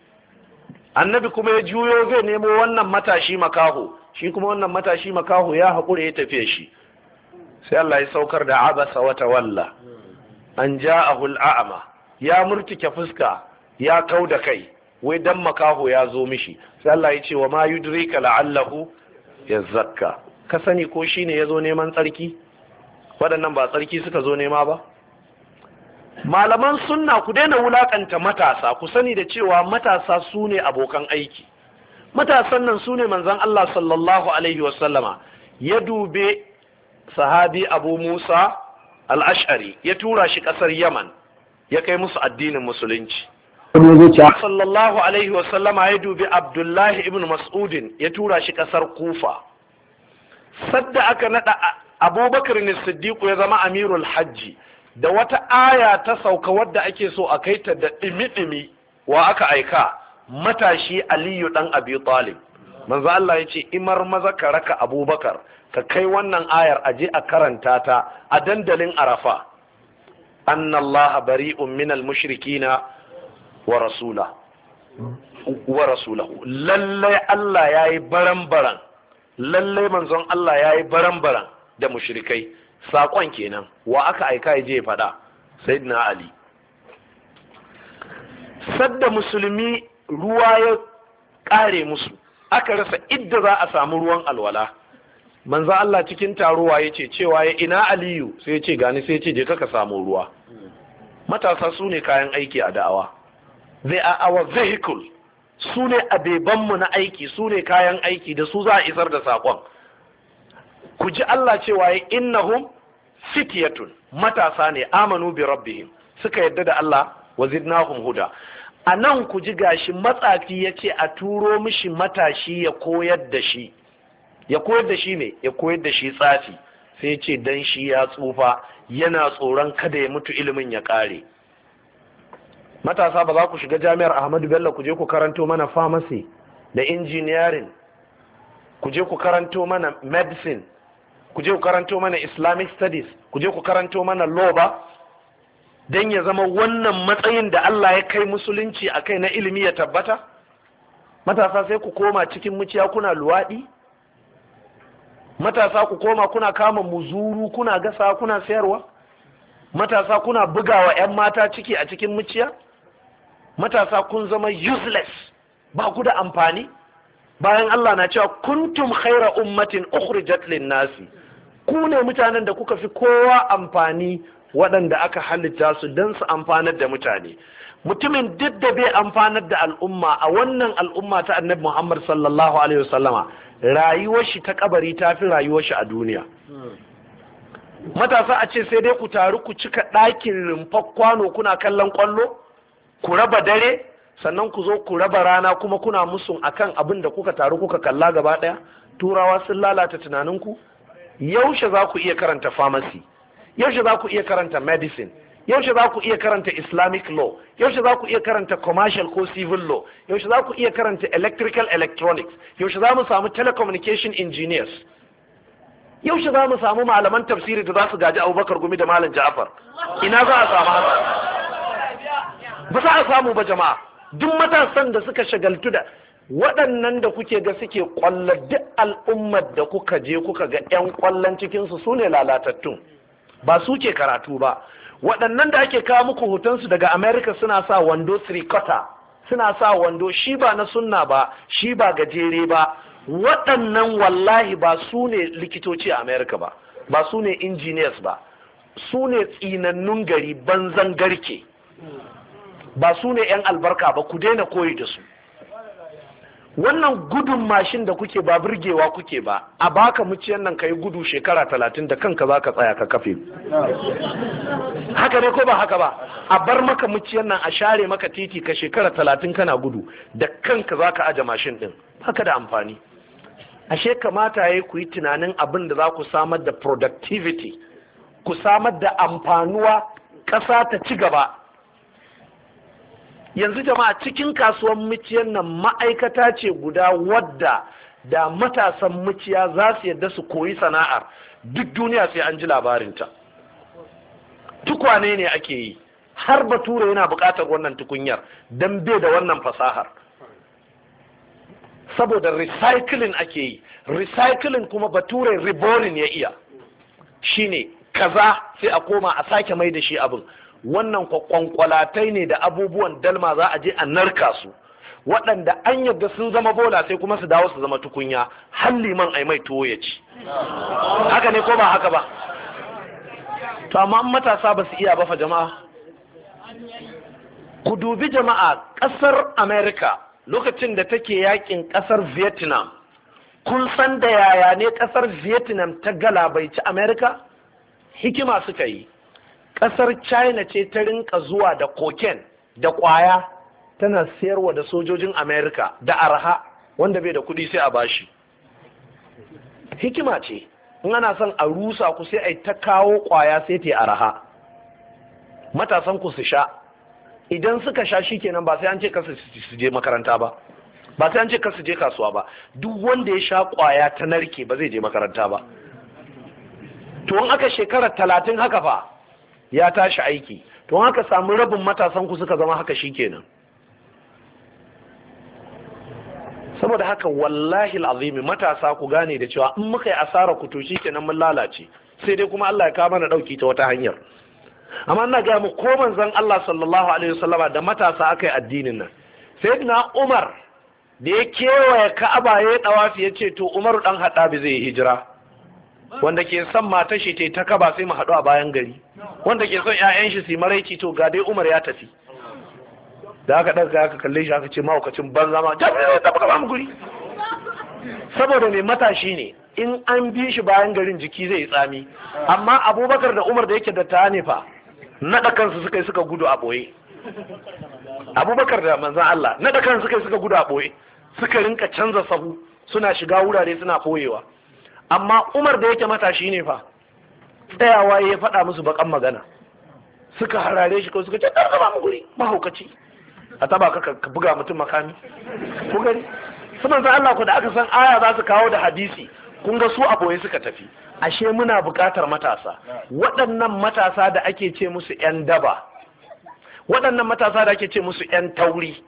annabi kuma ya juyo zai nemo wannan matashi makaho shi kuma wannan matashi makaho ya haƙura ya tafiye shi sai Allah ya saukar da abasa wata walla an ja a hul'a'ama ya murtike fuska ya kau da kai wai dan makaho ya zo mishi sai Allah ya ce wa ma yudrika la'allahu zakka. ka sani ko shi ne ya zo neman tsarki waɗannan ba tsarki suka zo nema ba malaman sunna ku daina wulakanta matasa ku sani da cewa matasa su ne abokan aiki matasan nan su ne manzan Allah sallallahu alaihi wasallama ya dube sahabi abu musa al'ashari ya tura shi ƙasar yaman ya kai musu addinin musulunci sallallahu alaihi wasallama ya dubi abdullahi ibn mas'udin ya tura shi ƙasar kufa sadda aka naɗa abubakar ne siddiqu ya zama amirul hajji da wata aya ta sauka wadda ake so a kai ta da ɗimi-ɗimi wa aka aika matashi aliyu ɗan abi talib manzo Allah ya imar maza ka raka abubakar ka kai wannan ayar a a karanta ta a dandalin arafa anna Allah bari'un minal mushrikina wa rasula wa rasulahu lallai Allah yayi baran-baran lallai manzon Allah yayi baran-baran da mushrikai saƙon kenan wa aka aika ya je faɗa na ali sadda musulmi ruwa ya ƙare musu aka rasa idda za a samu ruwan alwala manzo Allah cikin taruwa ya ce cewa ya ina aliyu sai ya ce gani sai ya ce je kaka samu ruwa matasa su ne kayan aiki a da'awa they are our vehicle su ne abebanmu na aiki su ne kayan aiki da su za a isar da saƙon ku ji Allah cewa ya innahum sitiyatun matasa ne amanu bi rabbihim suka yadda da Allah wa zidnahum huda a nan ku ji gashi matsafi ya ce a turo mishi matashi ya koyar da shi ya koyar da shi ne ya koyar da shi tsafi sai ya ce dan shi ya tsufa yana tsoron kada ya mutu ilimin ya kare matasa ba za ku shiga jami'ar ahmadu bello ku je ku karanto mana pharmacy da engineering ku je ku karanto mana medicine ku je ku karanto mana islamic studies ku je ku karanto mana law ba don ya zama wannan matsayin da Allah ya kai musulunci a kai na ilimi ya tabbata matasa sai ku koma cikin muciya kuna luwaɗi matasa ku koma kuna kama muzuru kuna gasa kuna sayarwa matasa kuna bugawa 'yan mata ciki a cikin muciya matasa kun zama useless ba ku da amfani bayan Allah na cewa kuntum khaira ummatin ukhrijat lin nasi ku ne mutanen da kuka fi kowa amfani waɗanda aka halitta su don su amfanar da mutane mutumin duk da bai amfanar da al'umma a wannan al'umma ta annabi muhammad sallallahu alaihi wasallama rayuwar shi ta kabari ta fi rayuwar shi a duniya matasa a ce sai dai ku taru ku cika ɗakin rumfar kwano kuna kallon kwallo ku raba dare sannan ku zo ku raba rana kuma kuna musu akan abin da kuka taru kuka kalla gaba ɗaya turawa sun lalata tunaninku ku yaushe za ku iya karanta pharmacy yaushe za ku iya karanta medicine yaushe za ku iya karanta islamic law yaushe za ku iya karanta commercial ko civil law yaushe za ku iya karanta electrical electronics yaushe za mu samu telecommunication engineers yaushe za mu samu malaman tafsiri da za su gaji abubakar gumi da malam ja'afar ina za a samu haka ba za a samu ba jama'a duk matasan da suka shagaltu da waɗannan da kuke ga suke ƙwallar duk al'ummar da kuka je kuka ga 'yan ƙwallon cikinsu su ne lalatattun ba su ke karatu ba waɗannan da ake kawo muku su daga america suna sa wando sirikota suna sa wando shi ba na sunna ba shi ba gajere ba waɗannan wallahi ba su ne likitoci a america ba ba su ne engineers ba su ne tsinannun gari banzan garke ba su ne 'yan albarka ba ku daina koyi da su wannan gudun mashin da kuke ba burgewa kuke ba a baka muciyan nan ka gudu shekara talatin da kanka za ka tsaya ka kafe haka ne ko ba haka ba a bar maka muciyan nan a share maka titi ka shekara talatin kana gudu da kanka za ka aje mashin din haka da amfani ashe kamata ya ku yi tunanin abin da za ku samar da productivity ku samar da amfanuwa ƙasa ta ci gaba yanzu jama'a cikin kasuwar miciyar nan ma'aikata ce guda wadda da matasan miciya za su yadda su koyi sana'ar duk duniya sai an ji labarinta tukwane ne ake yi har bature yana buƙatar wannan tukunyar don bai da wannan fasahar saboda recycling ake yi recycling kuma bature reborn ya iya shine kaza sai a koma a sake mai da shi abin wannan kwakwankwalatai ne da abubuwan dalma za a je a narka su waɗanda an yadda sun zama bola sai kuma su dawo su zama tukunya har liman ai mai tuwo ya ci haka ne ko ba haka ba to amma matasa ba su iya ba jama'a ku dubi jama'a ƙasar Amerika lokacin da take yakin ƙasar vietnam kun san da yaya ne ƙasar vietnam ta galabaici america hikima suka yi ƙasar china ce ta rinka zuwa da koken da ƙwaya tana sayarwa da sojojin Amerika da arha wanda bai da kuɗi sai a bashi hikima ce in ana son a rusa ku sai a ta kawo ƙwaya sai ta arha matasan ku su sha idan suka sha shi kenan ba sai an ce kasu su je makaranta ba ba sai an ce kasu je kasuwa ba duk wanda ya sha kwaya ta narke ba zai je makaranta ba to aka shekara talatin haka fa ya tashi aiki to haka samu rabin matasan ku suka zama haka shi kenan. saboda haka wallahi alazimi matasa ku gane da cewa in muka yi asara ku to shikenan mun lalace sai dai kuma Allah ya kawo mana dauki ta wata hanyar amma ina ga mu ko manzon Allah sallallahu alaihi wasallama da matasa akai addinin nan sayyidina Umar da ya kewaye Ka'aba ya dawafi ya ce to Umaru dan bi zai hijira wanda ke son matar shi ta kaba sai mu haɗu a bayan gari wanda ke son 'ya'yan shi su maraici to ga dai Umar ya tafi da aka ɗaga aka kalle shi aka ce mahaukacin banza ma jami'ai da baka ba guri saboda mai matashi ne in an bi shi bayan garin jiki zai tsami amma abubakar da umar da yake da ta ne fa naɗa kansu suka yi suka gudu a ɓoye abubakar da manzan Allah naɗa kansu suka yi suka gudu a ɓoye suka rinka canza sahu suna shiga wurare suna ɓoyewa amma umar da yake matashi ne fa tsayawa ya faɗa musu bakan magana suka harare shi ko suka ce ɗan zama mu guri mahaukaci a taba ka buga mutum makami ku gani su manzo Allah ku da aka san aya za su kawo da hadisi kun ga su a boye suka tafi ashe muna buƙatar matasa waɗannan matasa da ake ce musu 'yan daba waɗannan matasa da ake ce musu 'yan tauri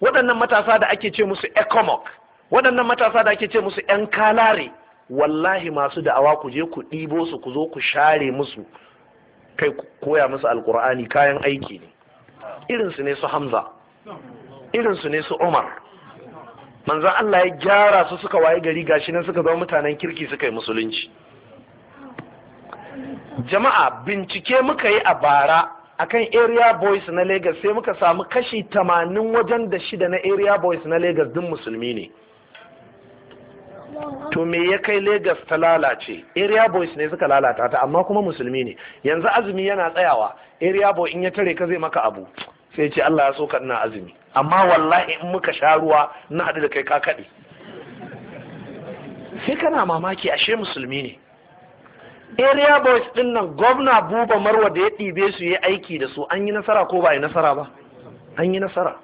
waɗannan matasa da ake ce musu ecomoc waɗannan matasa da ake ce musu 'yan kalare wallahi masu da'awa ku je ku ɗibo su ku zo ku share musu kai koya musu Alƙur'ani kayan aiki ne irinsu ne su hamza irinsu ne su umar manzan allah ya gyara su suka waye gari gashi nan suka zama mutanen kirki suka yi musulunci jama'a bincike muka yi a bara akan area boys na lagos sai muka samu kashi tamanin wajen da shida na area boys na lagos din musulmi ne to me ya kai Legas ta lalace area boys ne suka lalata ta amma kuma musulmi ne yanzu azumi yana tsayawa area boy in ya tare ka zai maka abu sai ce Allah ya soka ina azumi amma wallahi in muka sha ruwa na haɗu da kai ka kaɗe sai kana mamaki ashe musulmi ne area boys din nan gwamna buba marwa da ya ɗibe su ya aiki da su an yi nasara ko ba yi nasara ba an yi nasara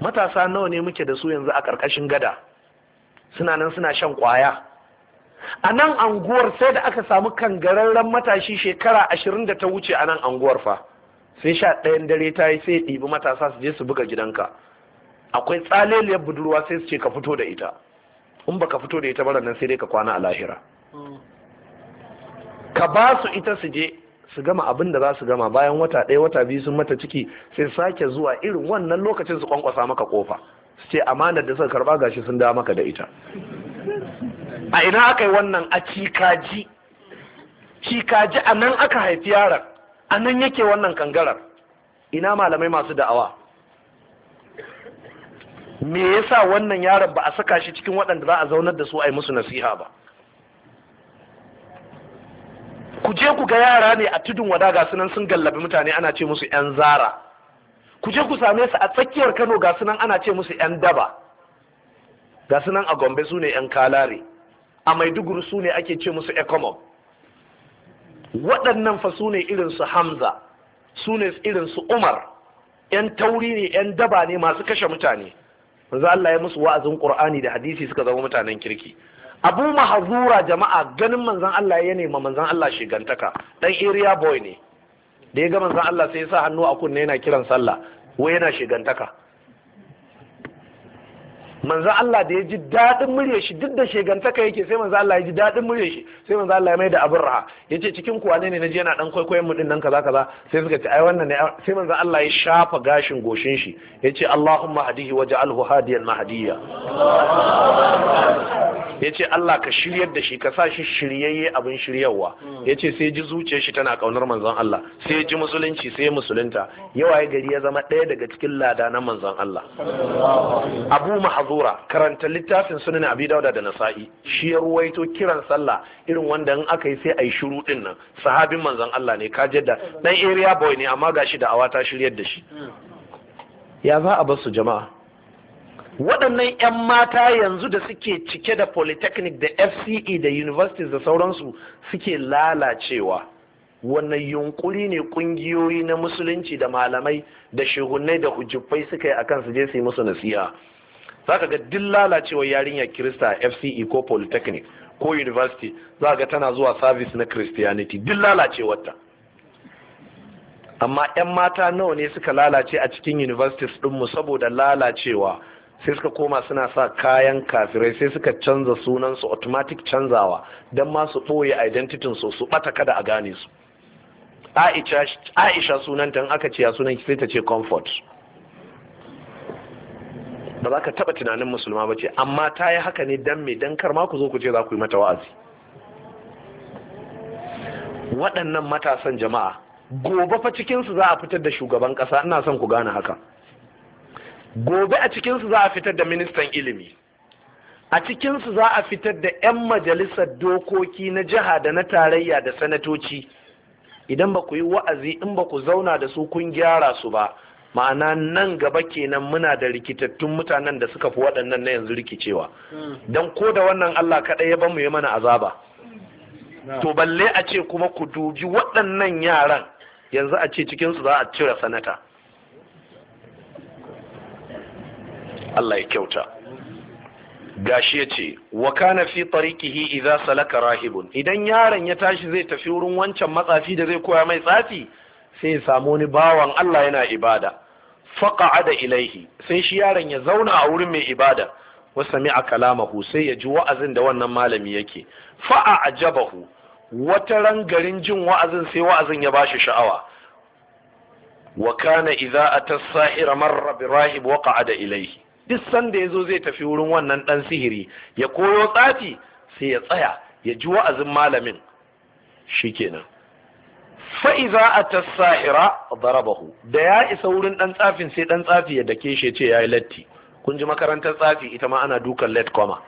matasa nawa ne muke da su yanzu a ƙarƙashin gada suna nan suna shan kwaya a nan anguwar sai da aka samu kangararren matashi shekara ashirin da ta wuce a nan anguwar fa sai sha ɗayan dare ta yi sai ɗibi matasa su je su buga gidanka akwai tsaleliyar budurwa sai su ce ka fito da ita in baka fito da ita ba nan sai dai ka kwana a lahira ka ba su ita su je su gama abin da za su gama bayan wata ɗaya wata biyu sun mata ciki sai sake zuwa irin wannan lokacin su kwankwasa maka kofa sai ce amanar da suka karba gashi sun dawo maka da ita a ina aka yi wannan a cikaji cikaji a nan aka haifi yaron a nan yake wannan kangarar ina malamai masu da'awa me yasa wannan yaron ba a saka shi cikin waɗanda za a zaunar da su a yi musu nasiha ba ku je ku ga yara ne a tudun wada ga sunan sun gallabi mutane ana ce musu 'yan zara ku je ku same su a tsakiyar kano ga sunan ana ce musu ƴan daba ga sunan a gombe su ne ƴan kalare a maiduguri su ne ake ce musu ekomom. waɗannan fa su ne irin su hamza su ne irin su umar Ƴan tauri ne ƴan daba ne masu kashe mutane manzo Allah ya musu wa'azin Qur'ani da hadisi suka zama mutanen kirki Abu mahazura jama'a ganin manzon Allah ya nema manzon Allah shigantaka dan area boy ne da ya gama manzon Allah sai ya sa hannu a kunne yana kiran sallah wai yana shigantaka manzo Allah da ya ji daɗin murya shi duk da shegantaka yake sai manzo Allah ya ji daɗin murya shi sai manzo Allah ya mai da abin raha yace cikin kuwa ne naji yana dan kwaikwayon mu nan kaza kaza sai suka ce ai wannan ne sai manzo Allah ya shafa gashin goshin shi yace Allahumma hadihi waj'alhu hadiyan mahdiya yace Allah ka shiryar da shi ka sa shi shiryayye abin shiryarwa yace sai ji zuciyar shi tana kaunar manzon Allah sai ji musulunci sai musulunta yawa gari ya zama ɗaya daga cikin ladanan manzon Allah Abu Mahzur sura karanta littafin sunan abi dauda da nasa'i shi ya ruwaito kiran sallah irin wanda in aka yi sai ayi yi shiru din nan sahabin manzon Allah ne ka jadda dan area boy ne amma gashi da awa ta shiryar da shi ya za a bar su jama'a waɗannan 'yan mata yanzu da suke cike da polytechnic da fce da universities da sauransu suke lalacewa wannan yunkuri ne ƙungiyoyi na musulunci da malamai da shehunai da hujjufai suka yi a kan su je su yi musu nasiha za ka ga duk lalacewar yarinya kirista fce ko polytechnic ko university za ga tana zuwa service na christianity duk lalacewarta amma 'yan mata nawa ne suka lalace a cikin universities ɗinmu saboda lalacewa sai suka koma suna sa kayan kafirai sai suka canza sunansu automatic canzawa don masu boye ɓoye su su ɓata kada a gane su aisha sunanta in aka ce ya sunan sai ta ce comfort ba za ka taba tunanin musulma ba ce amma ta yi haka ne dan me dan kar ma ku zo ku ce za ku yi mata wa'azi waɗannan matasan jama'a gobe fa cikinsu za a fitar da shugaban ƙasa ina son ku gane haka gobe a cikinsu za a fitar da ministan ilimi a cikinsu za a fitar da 'yan majalisar dokoki na jiha da na tarayya da sanatoci idan ba ku yi wa'azi in ba ku zauna da su kun gyara su ba ma'ana nan gaba kenan muna da rikitattun mutanen da suka fi waɗannan na yanzu rikicewa hmm. don ko da wannan Allah kaɗai ya ban mu yi mana azaba to balle a ce kuma ku dubi waɗannan yaran yanzu a ce cikinsu za a cire sanata Allah ya kyauta gashi ya ce wa kana fi tariqihi idza salaka rahibun idan yaron ya tashi zai tafi wurin wancan matsafi da zai koya mai tsafi sai ya samu wani bawan Allah yana ibada da ilaihi sai shi yaron ya zauna a wurin mai ibada wa sami'a kalamahu sai ya ji wa'azin da wannan malami yake fa'a a ajabahu wata ran garin jin wa'azin sai wa'azin ya bashi sha'awa wa kana idza ata sahira marra bi rahib waqa'ada ilaihi duk sanda ya zo zai tafi wurin wannan dan sihiri ya koyo tsati sai ya tsaya ya ji wa'azin malamin shi shikenan fa'iza a ta sa'ira darabahu da ya isa wurin ɗan tsafin sai ɗan tsafi ya dake shi ce ya yi latti kun ji makarantar tsafi ita ma ana dukan let koma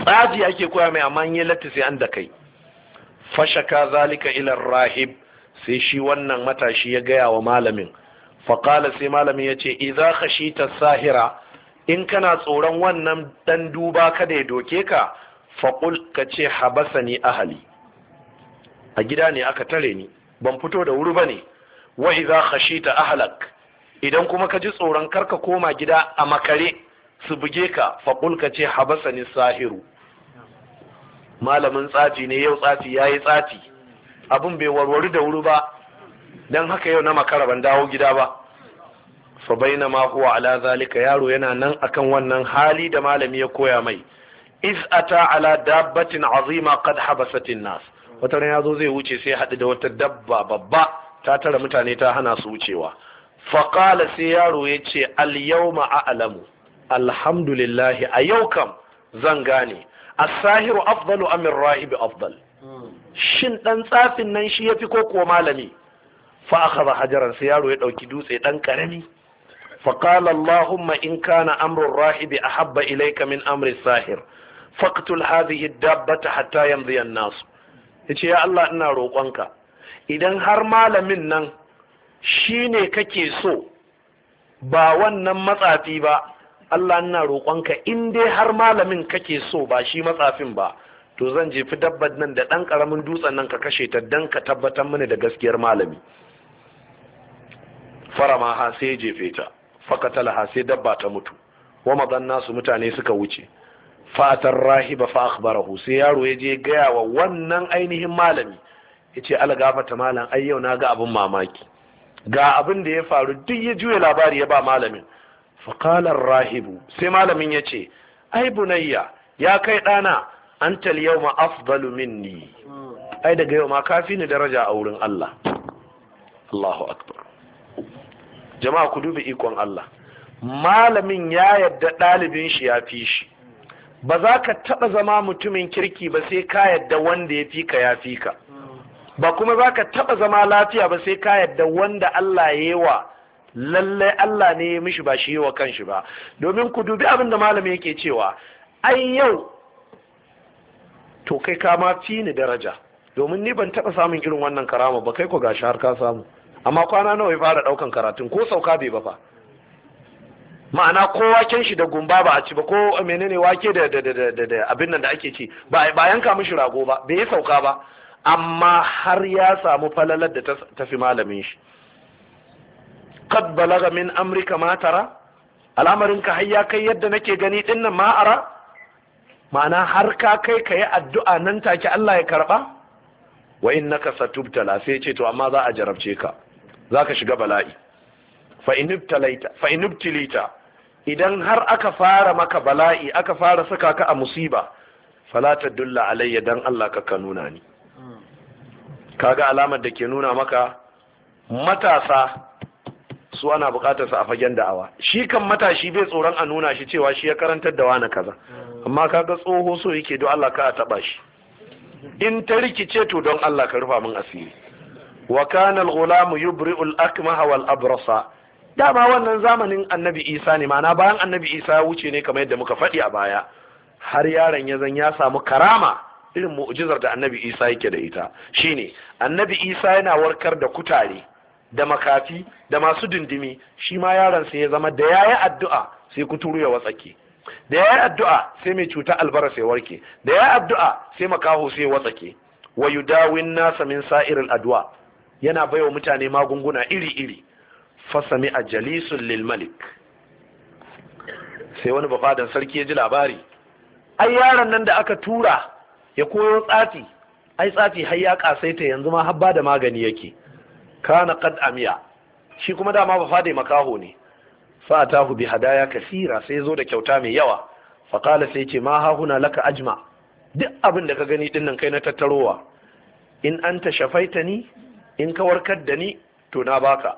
tsafi ake koya mai amma yi latti sai an da kai fashaka zalika ilar rahib sai shi wannan matashi ya gaya wa malamin faƙala sai malamin ya ce iza ta sahira in kana tsoron wannan ɗan duba kada ya doke ka faƙul ka ce habasa ni ahali a gida ne aka tare ni ban fito da wuri ba bane wa idza khashita ahlak idan kuma ka ji tsoron karka koma gida a makare su buge ka faƙul ka ce habasani sahiru malamin tsati ne yau tsati ya yi tsati, abin bai warware da wuri ba don haka yau na makara ban dawo gida ba fa baina ma huwa ala zalika yaro yana nan akan wannan hali da malami ya koya mai iz ata ala dabbatin azima qad habasatin nas wata ran ya zo zai wuce sai haɗu da wata dabba babba ta tara mutane ta hana su wucewa faƙala sai yaro ya ce a a'lamu alhamdulillahi a yau kam zan gane asahiru sahiru afdalu amin rahibi afdal shin dan tsafin nan shi ya fi ko kuwa malami fa akhadha hajaran sai yaro ya ɗauki dutse ɗan karami fa qala in kana amru rahibi ahabba ilayka min amri sahir faqtul hadhihi ad-dabbata hatta yanzu an nasu. ya ce ya Allah ina roƙonka idan har malamin nan shi ne kake so ba wannan matsafi ba Allah ina roƙonka in dai har malamin kake so ba shi matsafin ba to zan jefi dabbar nan da ɗan ƙaramin dutsen nan ka kashe ta don ka tabbatar mini da gaskiyar malami farama ha sai jefe ta fakatala ha sai dabba ta mutu wa madan nasu mutane suka wuce fatar rahiba fa akhbarahu sai yaro ya je gaya wa wannan ainihin malami ya ce algafata malam ai yau na ga abin mamaki ga abin da ya faru duk ya juya labari ya ba malamin faƙalar rahibu sai malamin ya ce ai bunayya ya kai ɗana an yau ma afdalu minni ai daga yau ma kafi ni daraja a wurin Allah Allahu akbar jama'a ku dubi ikon Allah malamin ya yadda ɗalibin shi ya fi shi ba za ka taɓa zama mutumin kirki ba sai ka yadda wanda ya fika ka ya fi ka ba kuma za ka taɓa zama lafiya ba sai ka yadda wanda Allah ya yi wa lallai Allah ne ya mishi ba shi yi wa kanshi ba domin ku dubi abin da malami yake cewa ai yau to kai ka ma fi ni daraja domin ni ban taɓa samun irin wannan karama ba kai ko gashi har ka samu amma kwana nawa ya fara ɗaukan karatun ko sauka bai ba fa ma'ana ko waken shi da gumba ba a ci ba ko menene wake da abin nan da ake ci ba ba yanka mishi rago ba bai yi sauka ba amma har ya samu falalar da ta fi malamin shi qad balaga min amrika ma tara al'amarin har ya kai yadda nake gani din nan ma'ara ma'ana har ka kai ka yi addu'a nan take Allah ya karba wa innaka satubtala sai ce to amma za a jarabce ka Za ka shiga bala'i fa inubtilita idan har aka fara maka bala'i aka fara saka ka a musiba falata dulla alayya dan Allah ka nuna ni kaga alamar da ke nuna maka matasa su ana bukatar sa a fagen da'awa shi kan matashi bai tsoron a nuna shi cewa shi ya karantar da wani kaza amma kaga tsoho so yake don Allah ka a taba shi in ta rikice to don Allah ka rufa min asiri wa kana al-ghulamu yubri'u al-akmaha wal abrasa dama wannan zamanin annabi isa ne mana bayan annabi isa ya wuce ne kamar yadda muka faɗi a baya har yaron ya zan ya samu karama irin mu'ujizar da annabi isa yake da ita shine annabi isa yana warkar da kutare da makafi da masu dindimi shi ma yaron sai ya zama da yayi addu'a sai kuturu ya watsake da yayi addu'a sai mai cuta albara sai warke da yayi addu'a sai makaho sai watsake wa yudawin nasa min sa'iril adwa yana baiwa mutane magunguna iri-iri fasami a jalisun lil malik sai wani bafadan sarki ya ji labari ai yaron nan da aka tura ya koyo tsati ai tsati har ya kasaita yanzu ma habba da magani yake kana qad amiya shi kuma dama bafade makaho ne fa tahu bi hadaya kasira sai zo da kyauta mai yawa fa qala sai ce ma ha huna laka ajma duk abin da ka gani dinnan kai na tattarowa in anta shafaitani in ka warkar da ni to na baka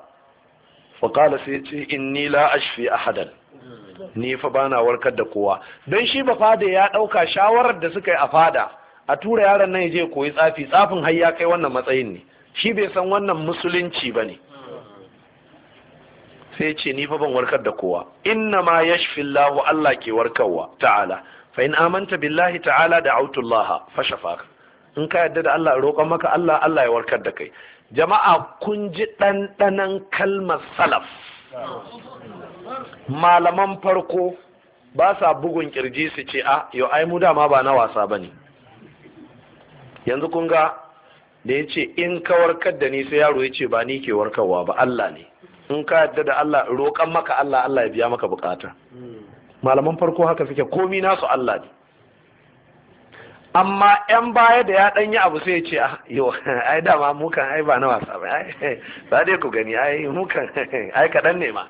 faƙala sai ce ni la ashfi ahadan ni fa bana warkar da kowa don shi ba fada ya ɗauka shawarar da suka yi a fada a tura yaron nan ya je koyi tsafi tsafin har ya kai wannan matsayin ne shi bai san wannan musulunci ba ne sai ce ni fa ban warkar da kowa inna ma yashfi Allah Allah ke warkarwa ta'ala fa in amanta billahi ta'ala da Autullaha fa shafaka in ka yarda da Allah roƙon maka Allah Allah ya warkar da kai jama'a kun ji ɗanɗanan kalmar salaf malaman farko ba sa bugun kirji su ce a ah, yau ai mu dama ba na wasa ba ne yanzu kun ga da ya ce in ka warkar da ni sai yaro ya ce ba ni ke warkarwa ba Allah ne in ka yarda da Allah roƙon maka Allah Allah ya biya maka bukata malaman farko haka suke komi nasu Allah ne amma yan baya da ya ɗanyi abu sai ya ce ah, yo ai dama mukan ai ba na wasa ba ai ba dai ku gani ai mukan ai kadan ne ma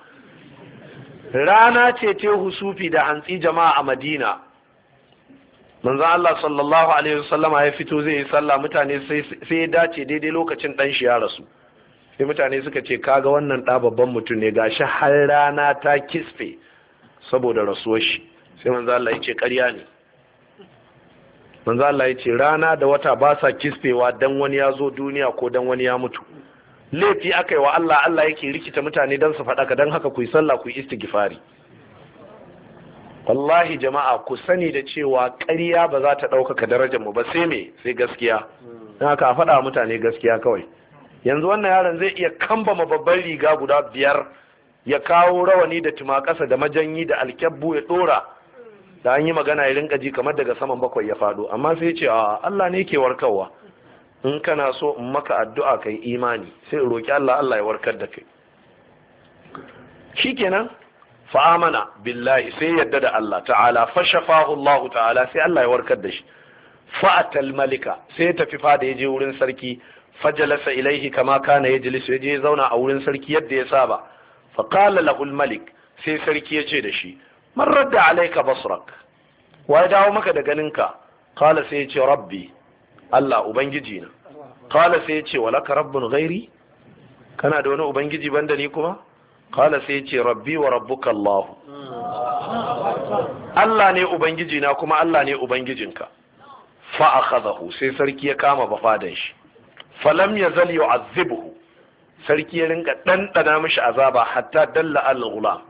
rana ce ce husufi da hantsi jama'a a Madina manzon Allah sallallahu alaihi wasallama ya fito zai yi sallah mutane sai ya dace daidai lokacin dan shi ya rasu sai mutane suka ce kaga wannan da babban mutum ne gashi har rana ta kisfe saboda rasuwar shi sai manzon Allah ya ce ƙarya ne manzo Allah ya ce rana da wata ba sa kispewa dan wani ya zo duniya ko dan wani ya mutu laifi aka yi wa Allah Allah yake rikita mutane dan su faɗaka dan haka ku yi sallah ku yi istighfari wallahi jama'a ku sani da cewa ƙarya ba za ta ɗaukaka darajar mu ba sai me sai gaskiya dan haka a faɗa mutane gaskiya kawai yanzu wannan yaron zai iya kambama babban riga guda biyar ya kawo rawani da tuma tumakasa da majanyi da alkyabbu ya ɗora da an yi magana ya rinka ji kamar daga saman bakwai ya fado amma sai ce a Allah ne ke warkarwa in kana so in maka addu'a kai imani sai roki Allah Allah ya warkar da kai shikenan fa amana billahi sai yadda da Allah ta'ala fa shafahu Allah ta'ala sai Allah ya warkar da shi fa'atal malika sai ya tafi fada ya je wurin sarki fajalasa ilaihi kama kana ya jilisu ya zauna a wurin sarki yadda ya saba faƙala lahul malik sai sarki ya ce da shi man radda alaika basrak wa ya dawo maka da ganinka qala sai ya ce rabbi Allah ubangiji na qala sai ya ce walaka ghairi kana da wani ubangiji banda ni kuma qala sai ya ce rabbi wa Allah Allah ne ubangiji na kuma Allah ne ubangijinka fa akhadahu sai sarki ya kama bafadan shi falam yazal yu'azzibuhu sarki ya rinka ɗanɗana mishi azaba hatta dalla al-ghulam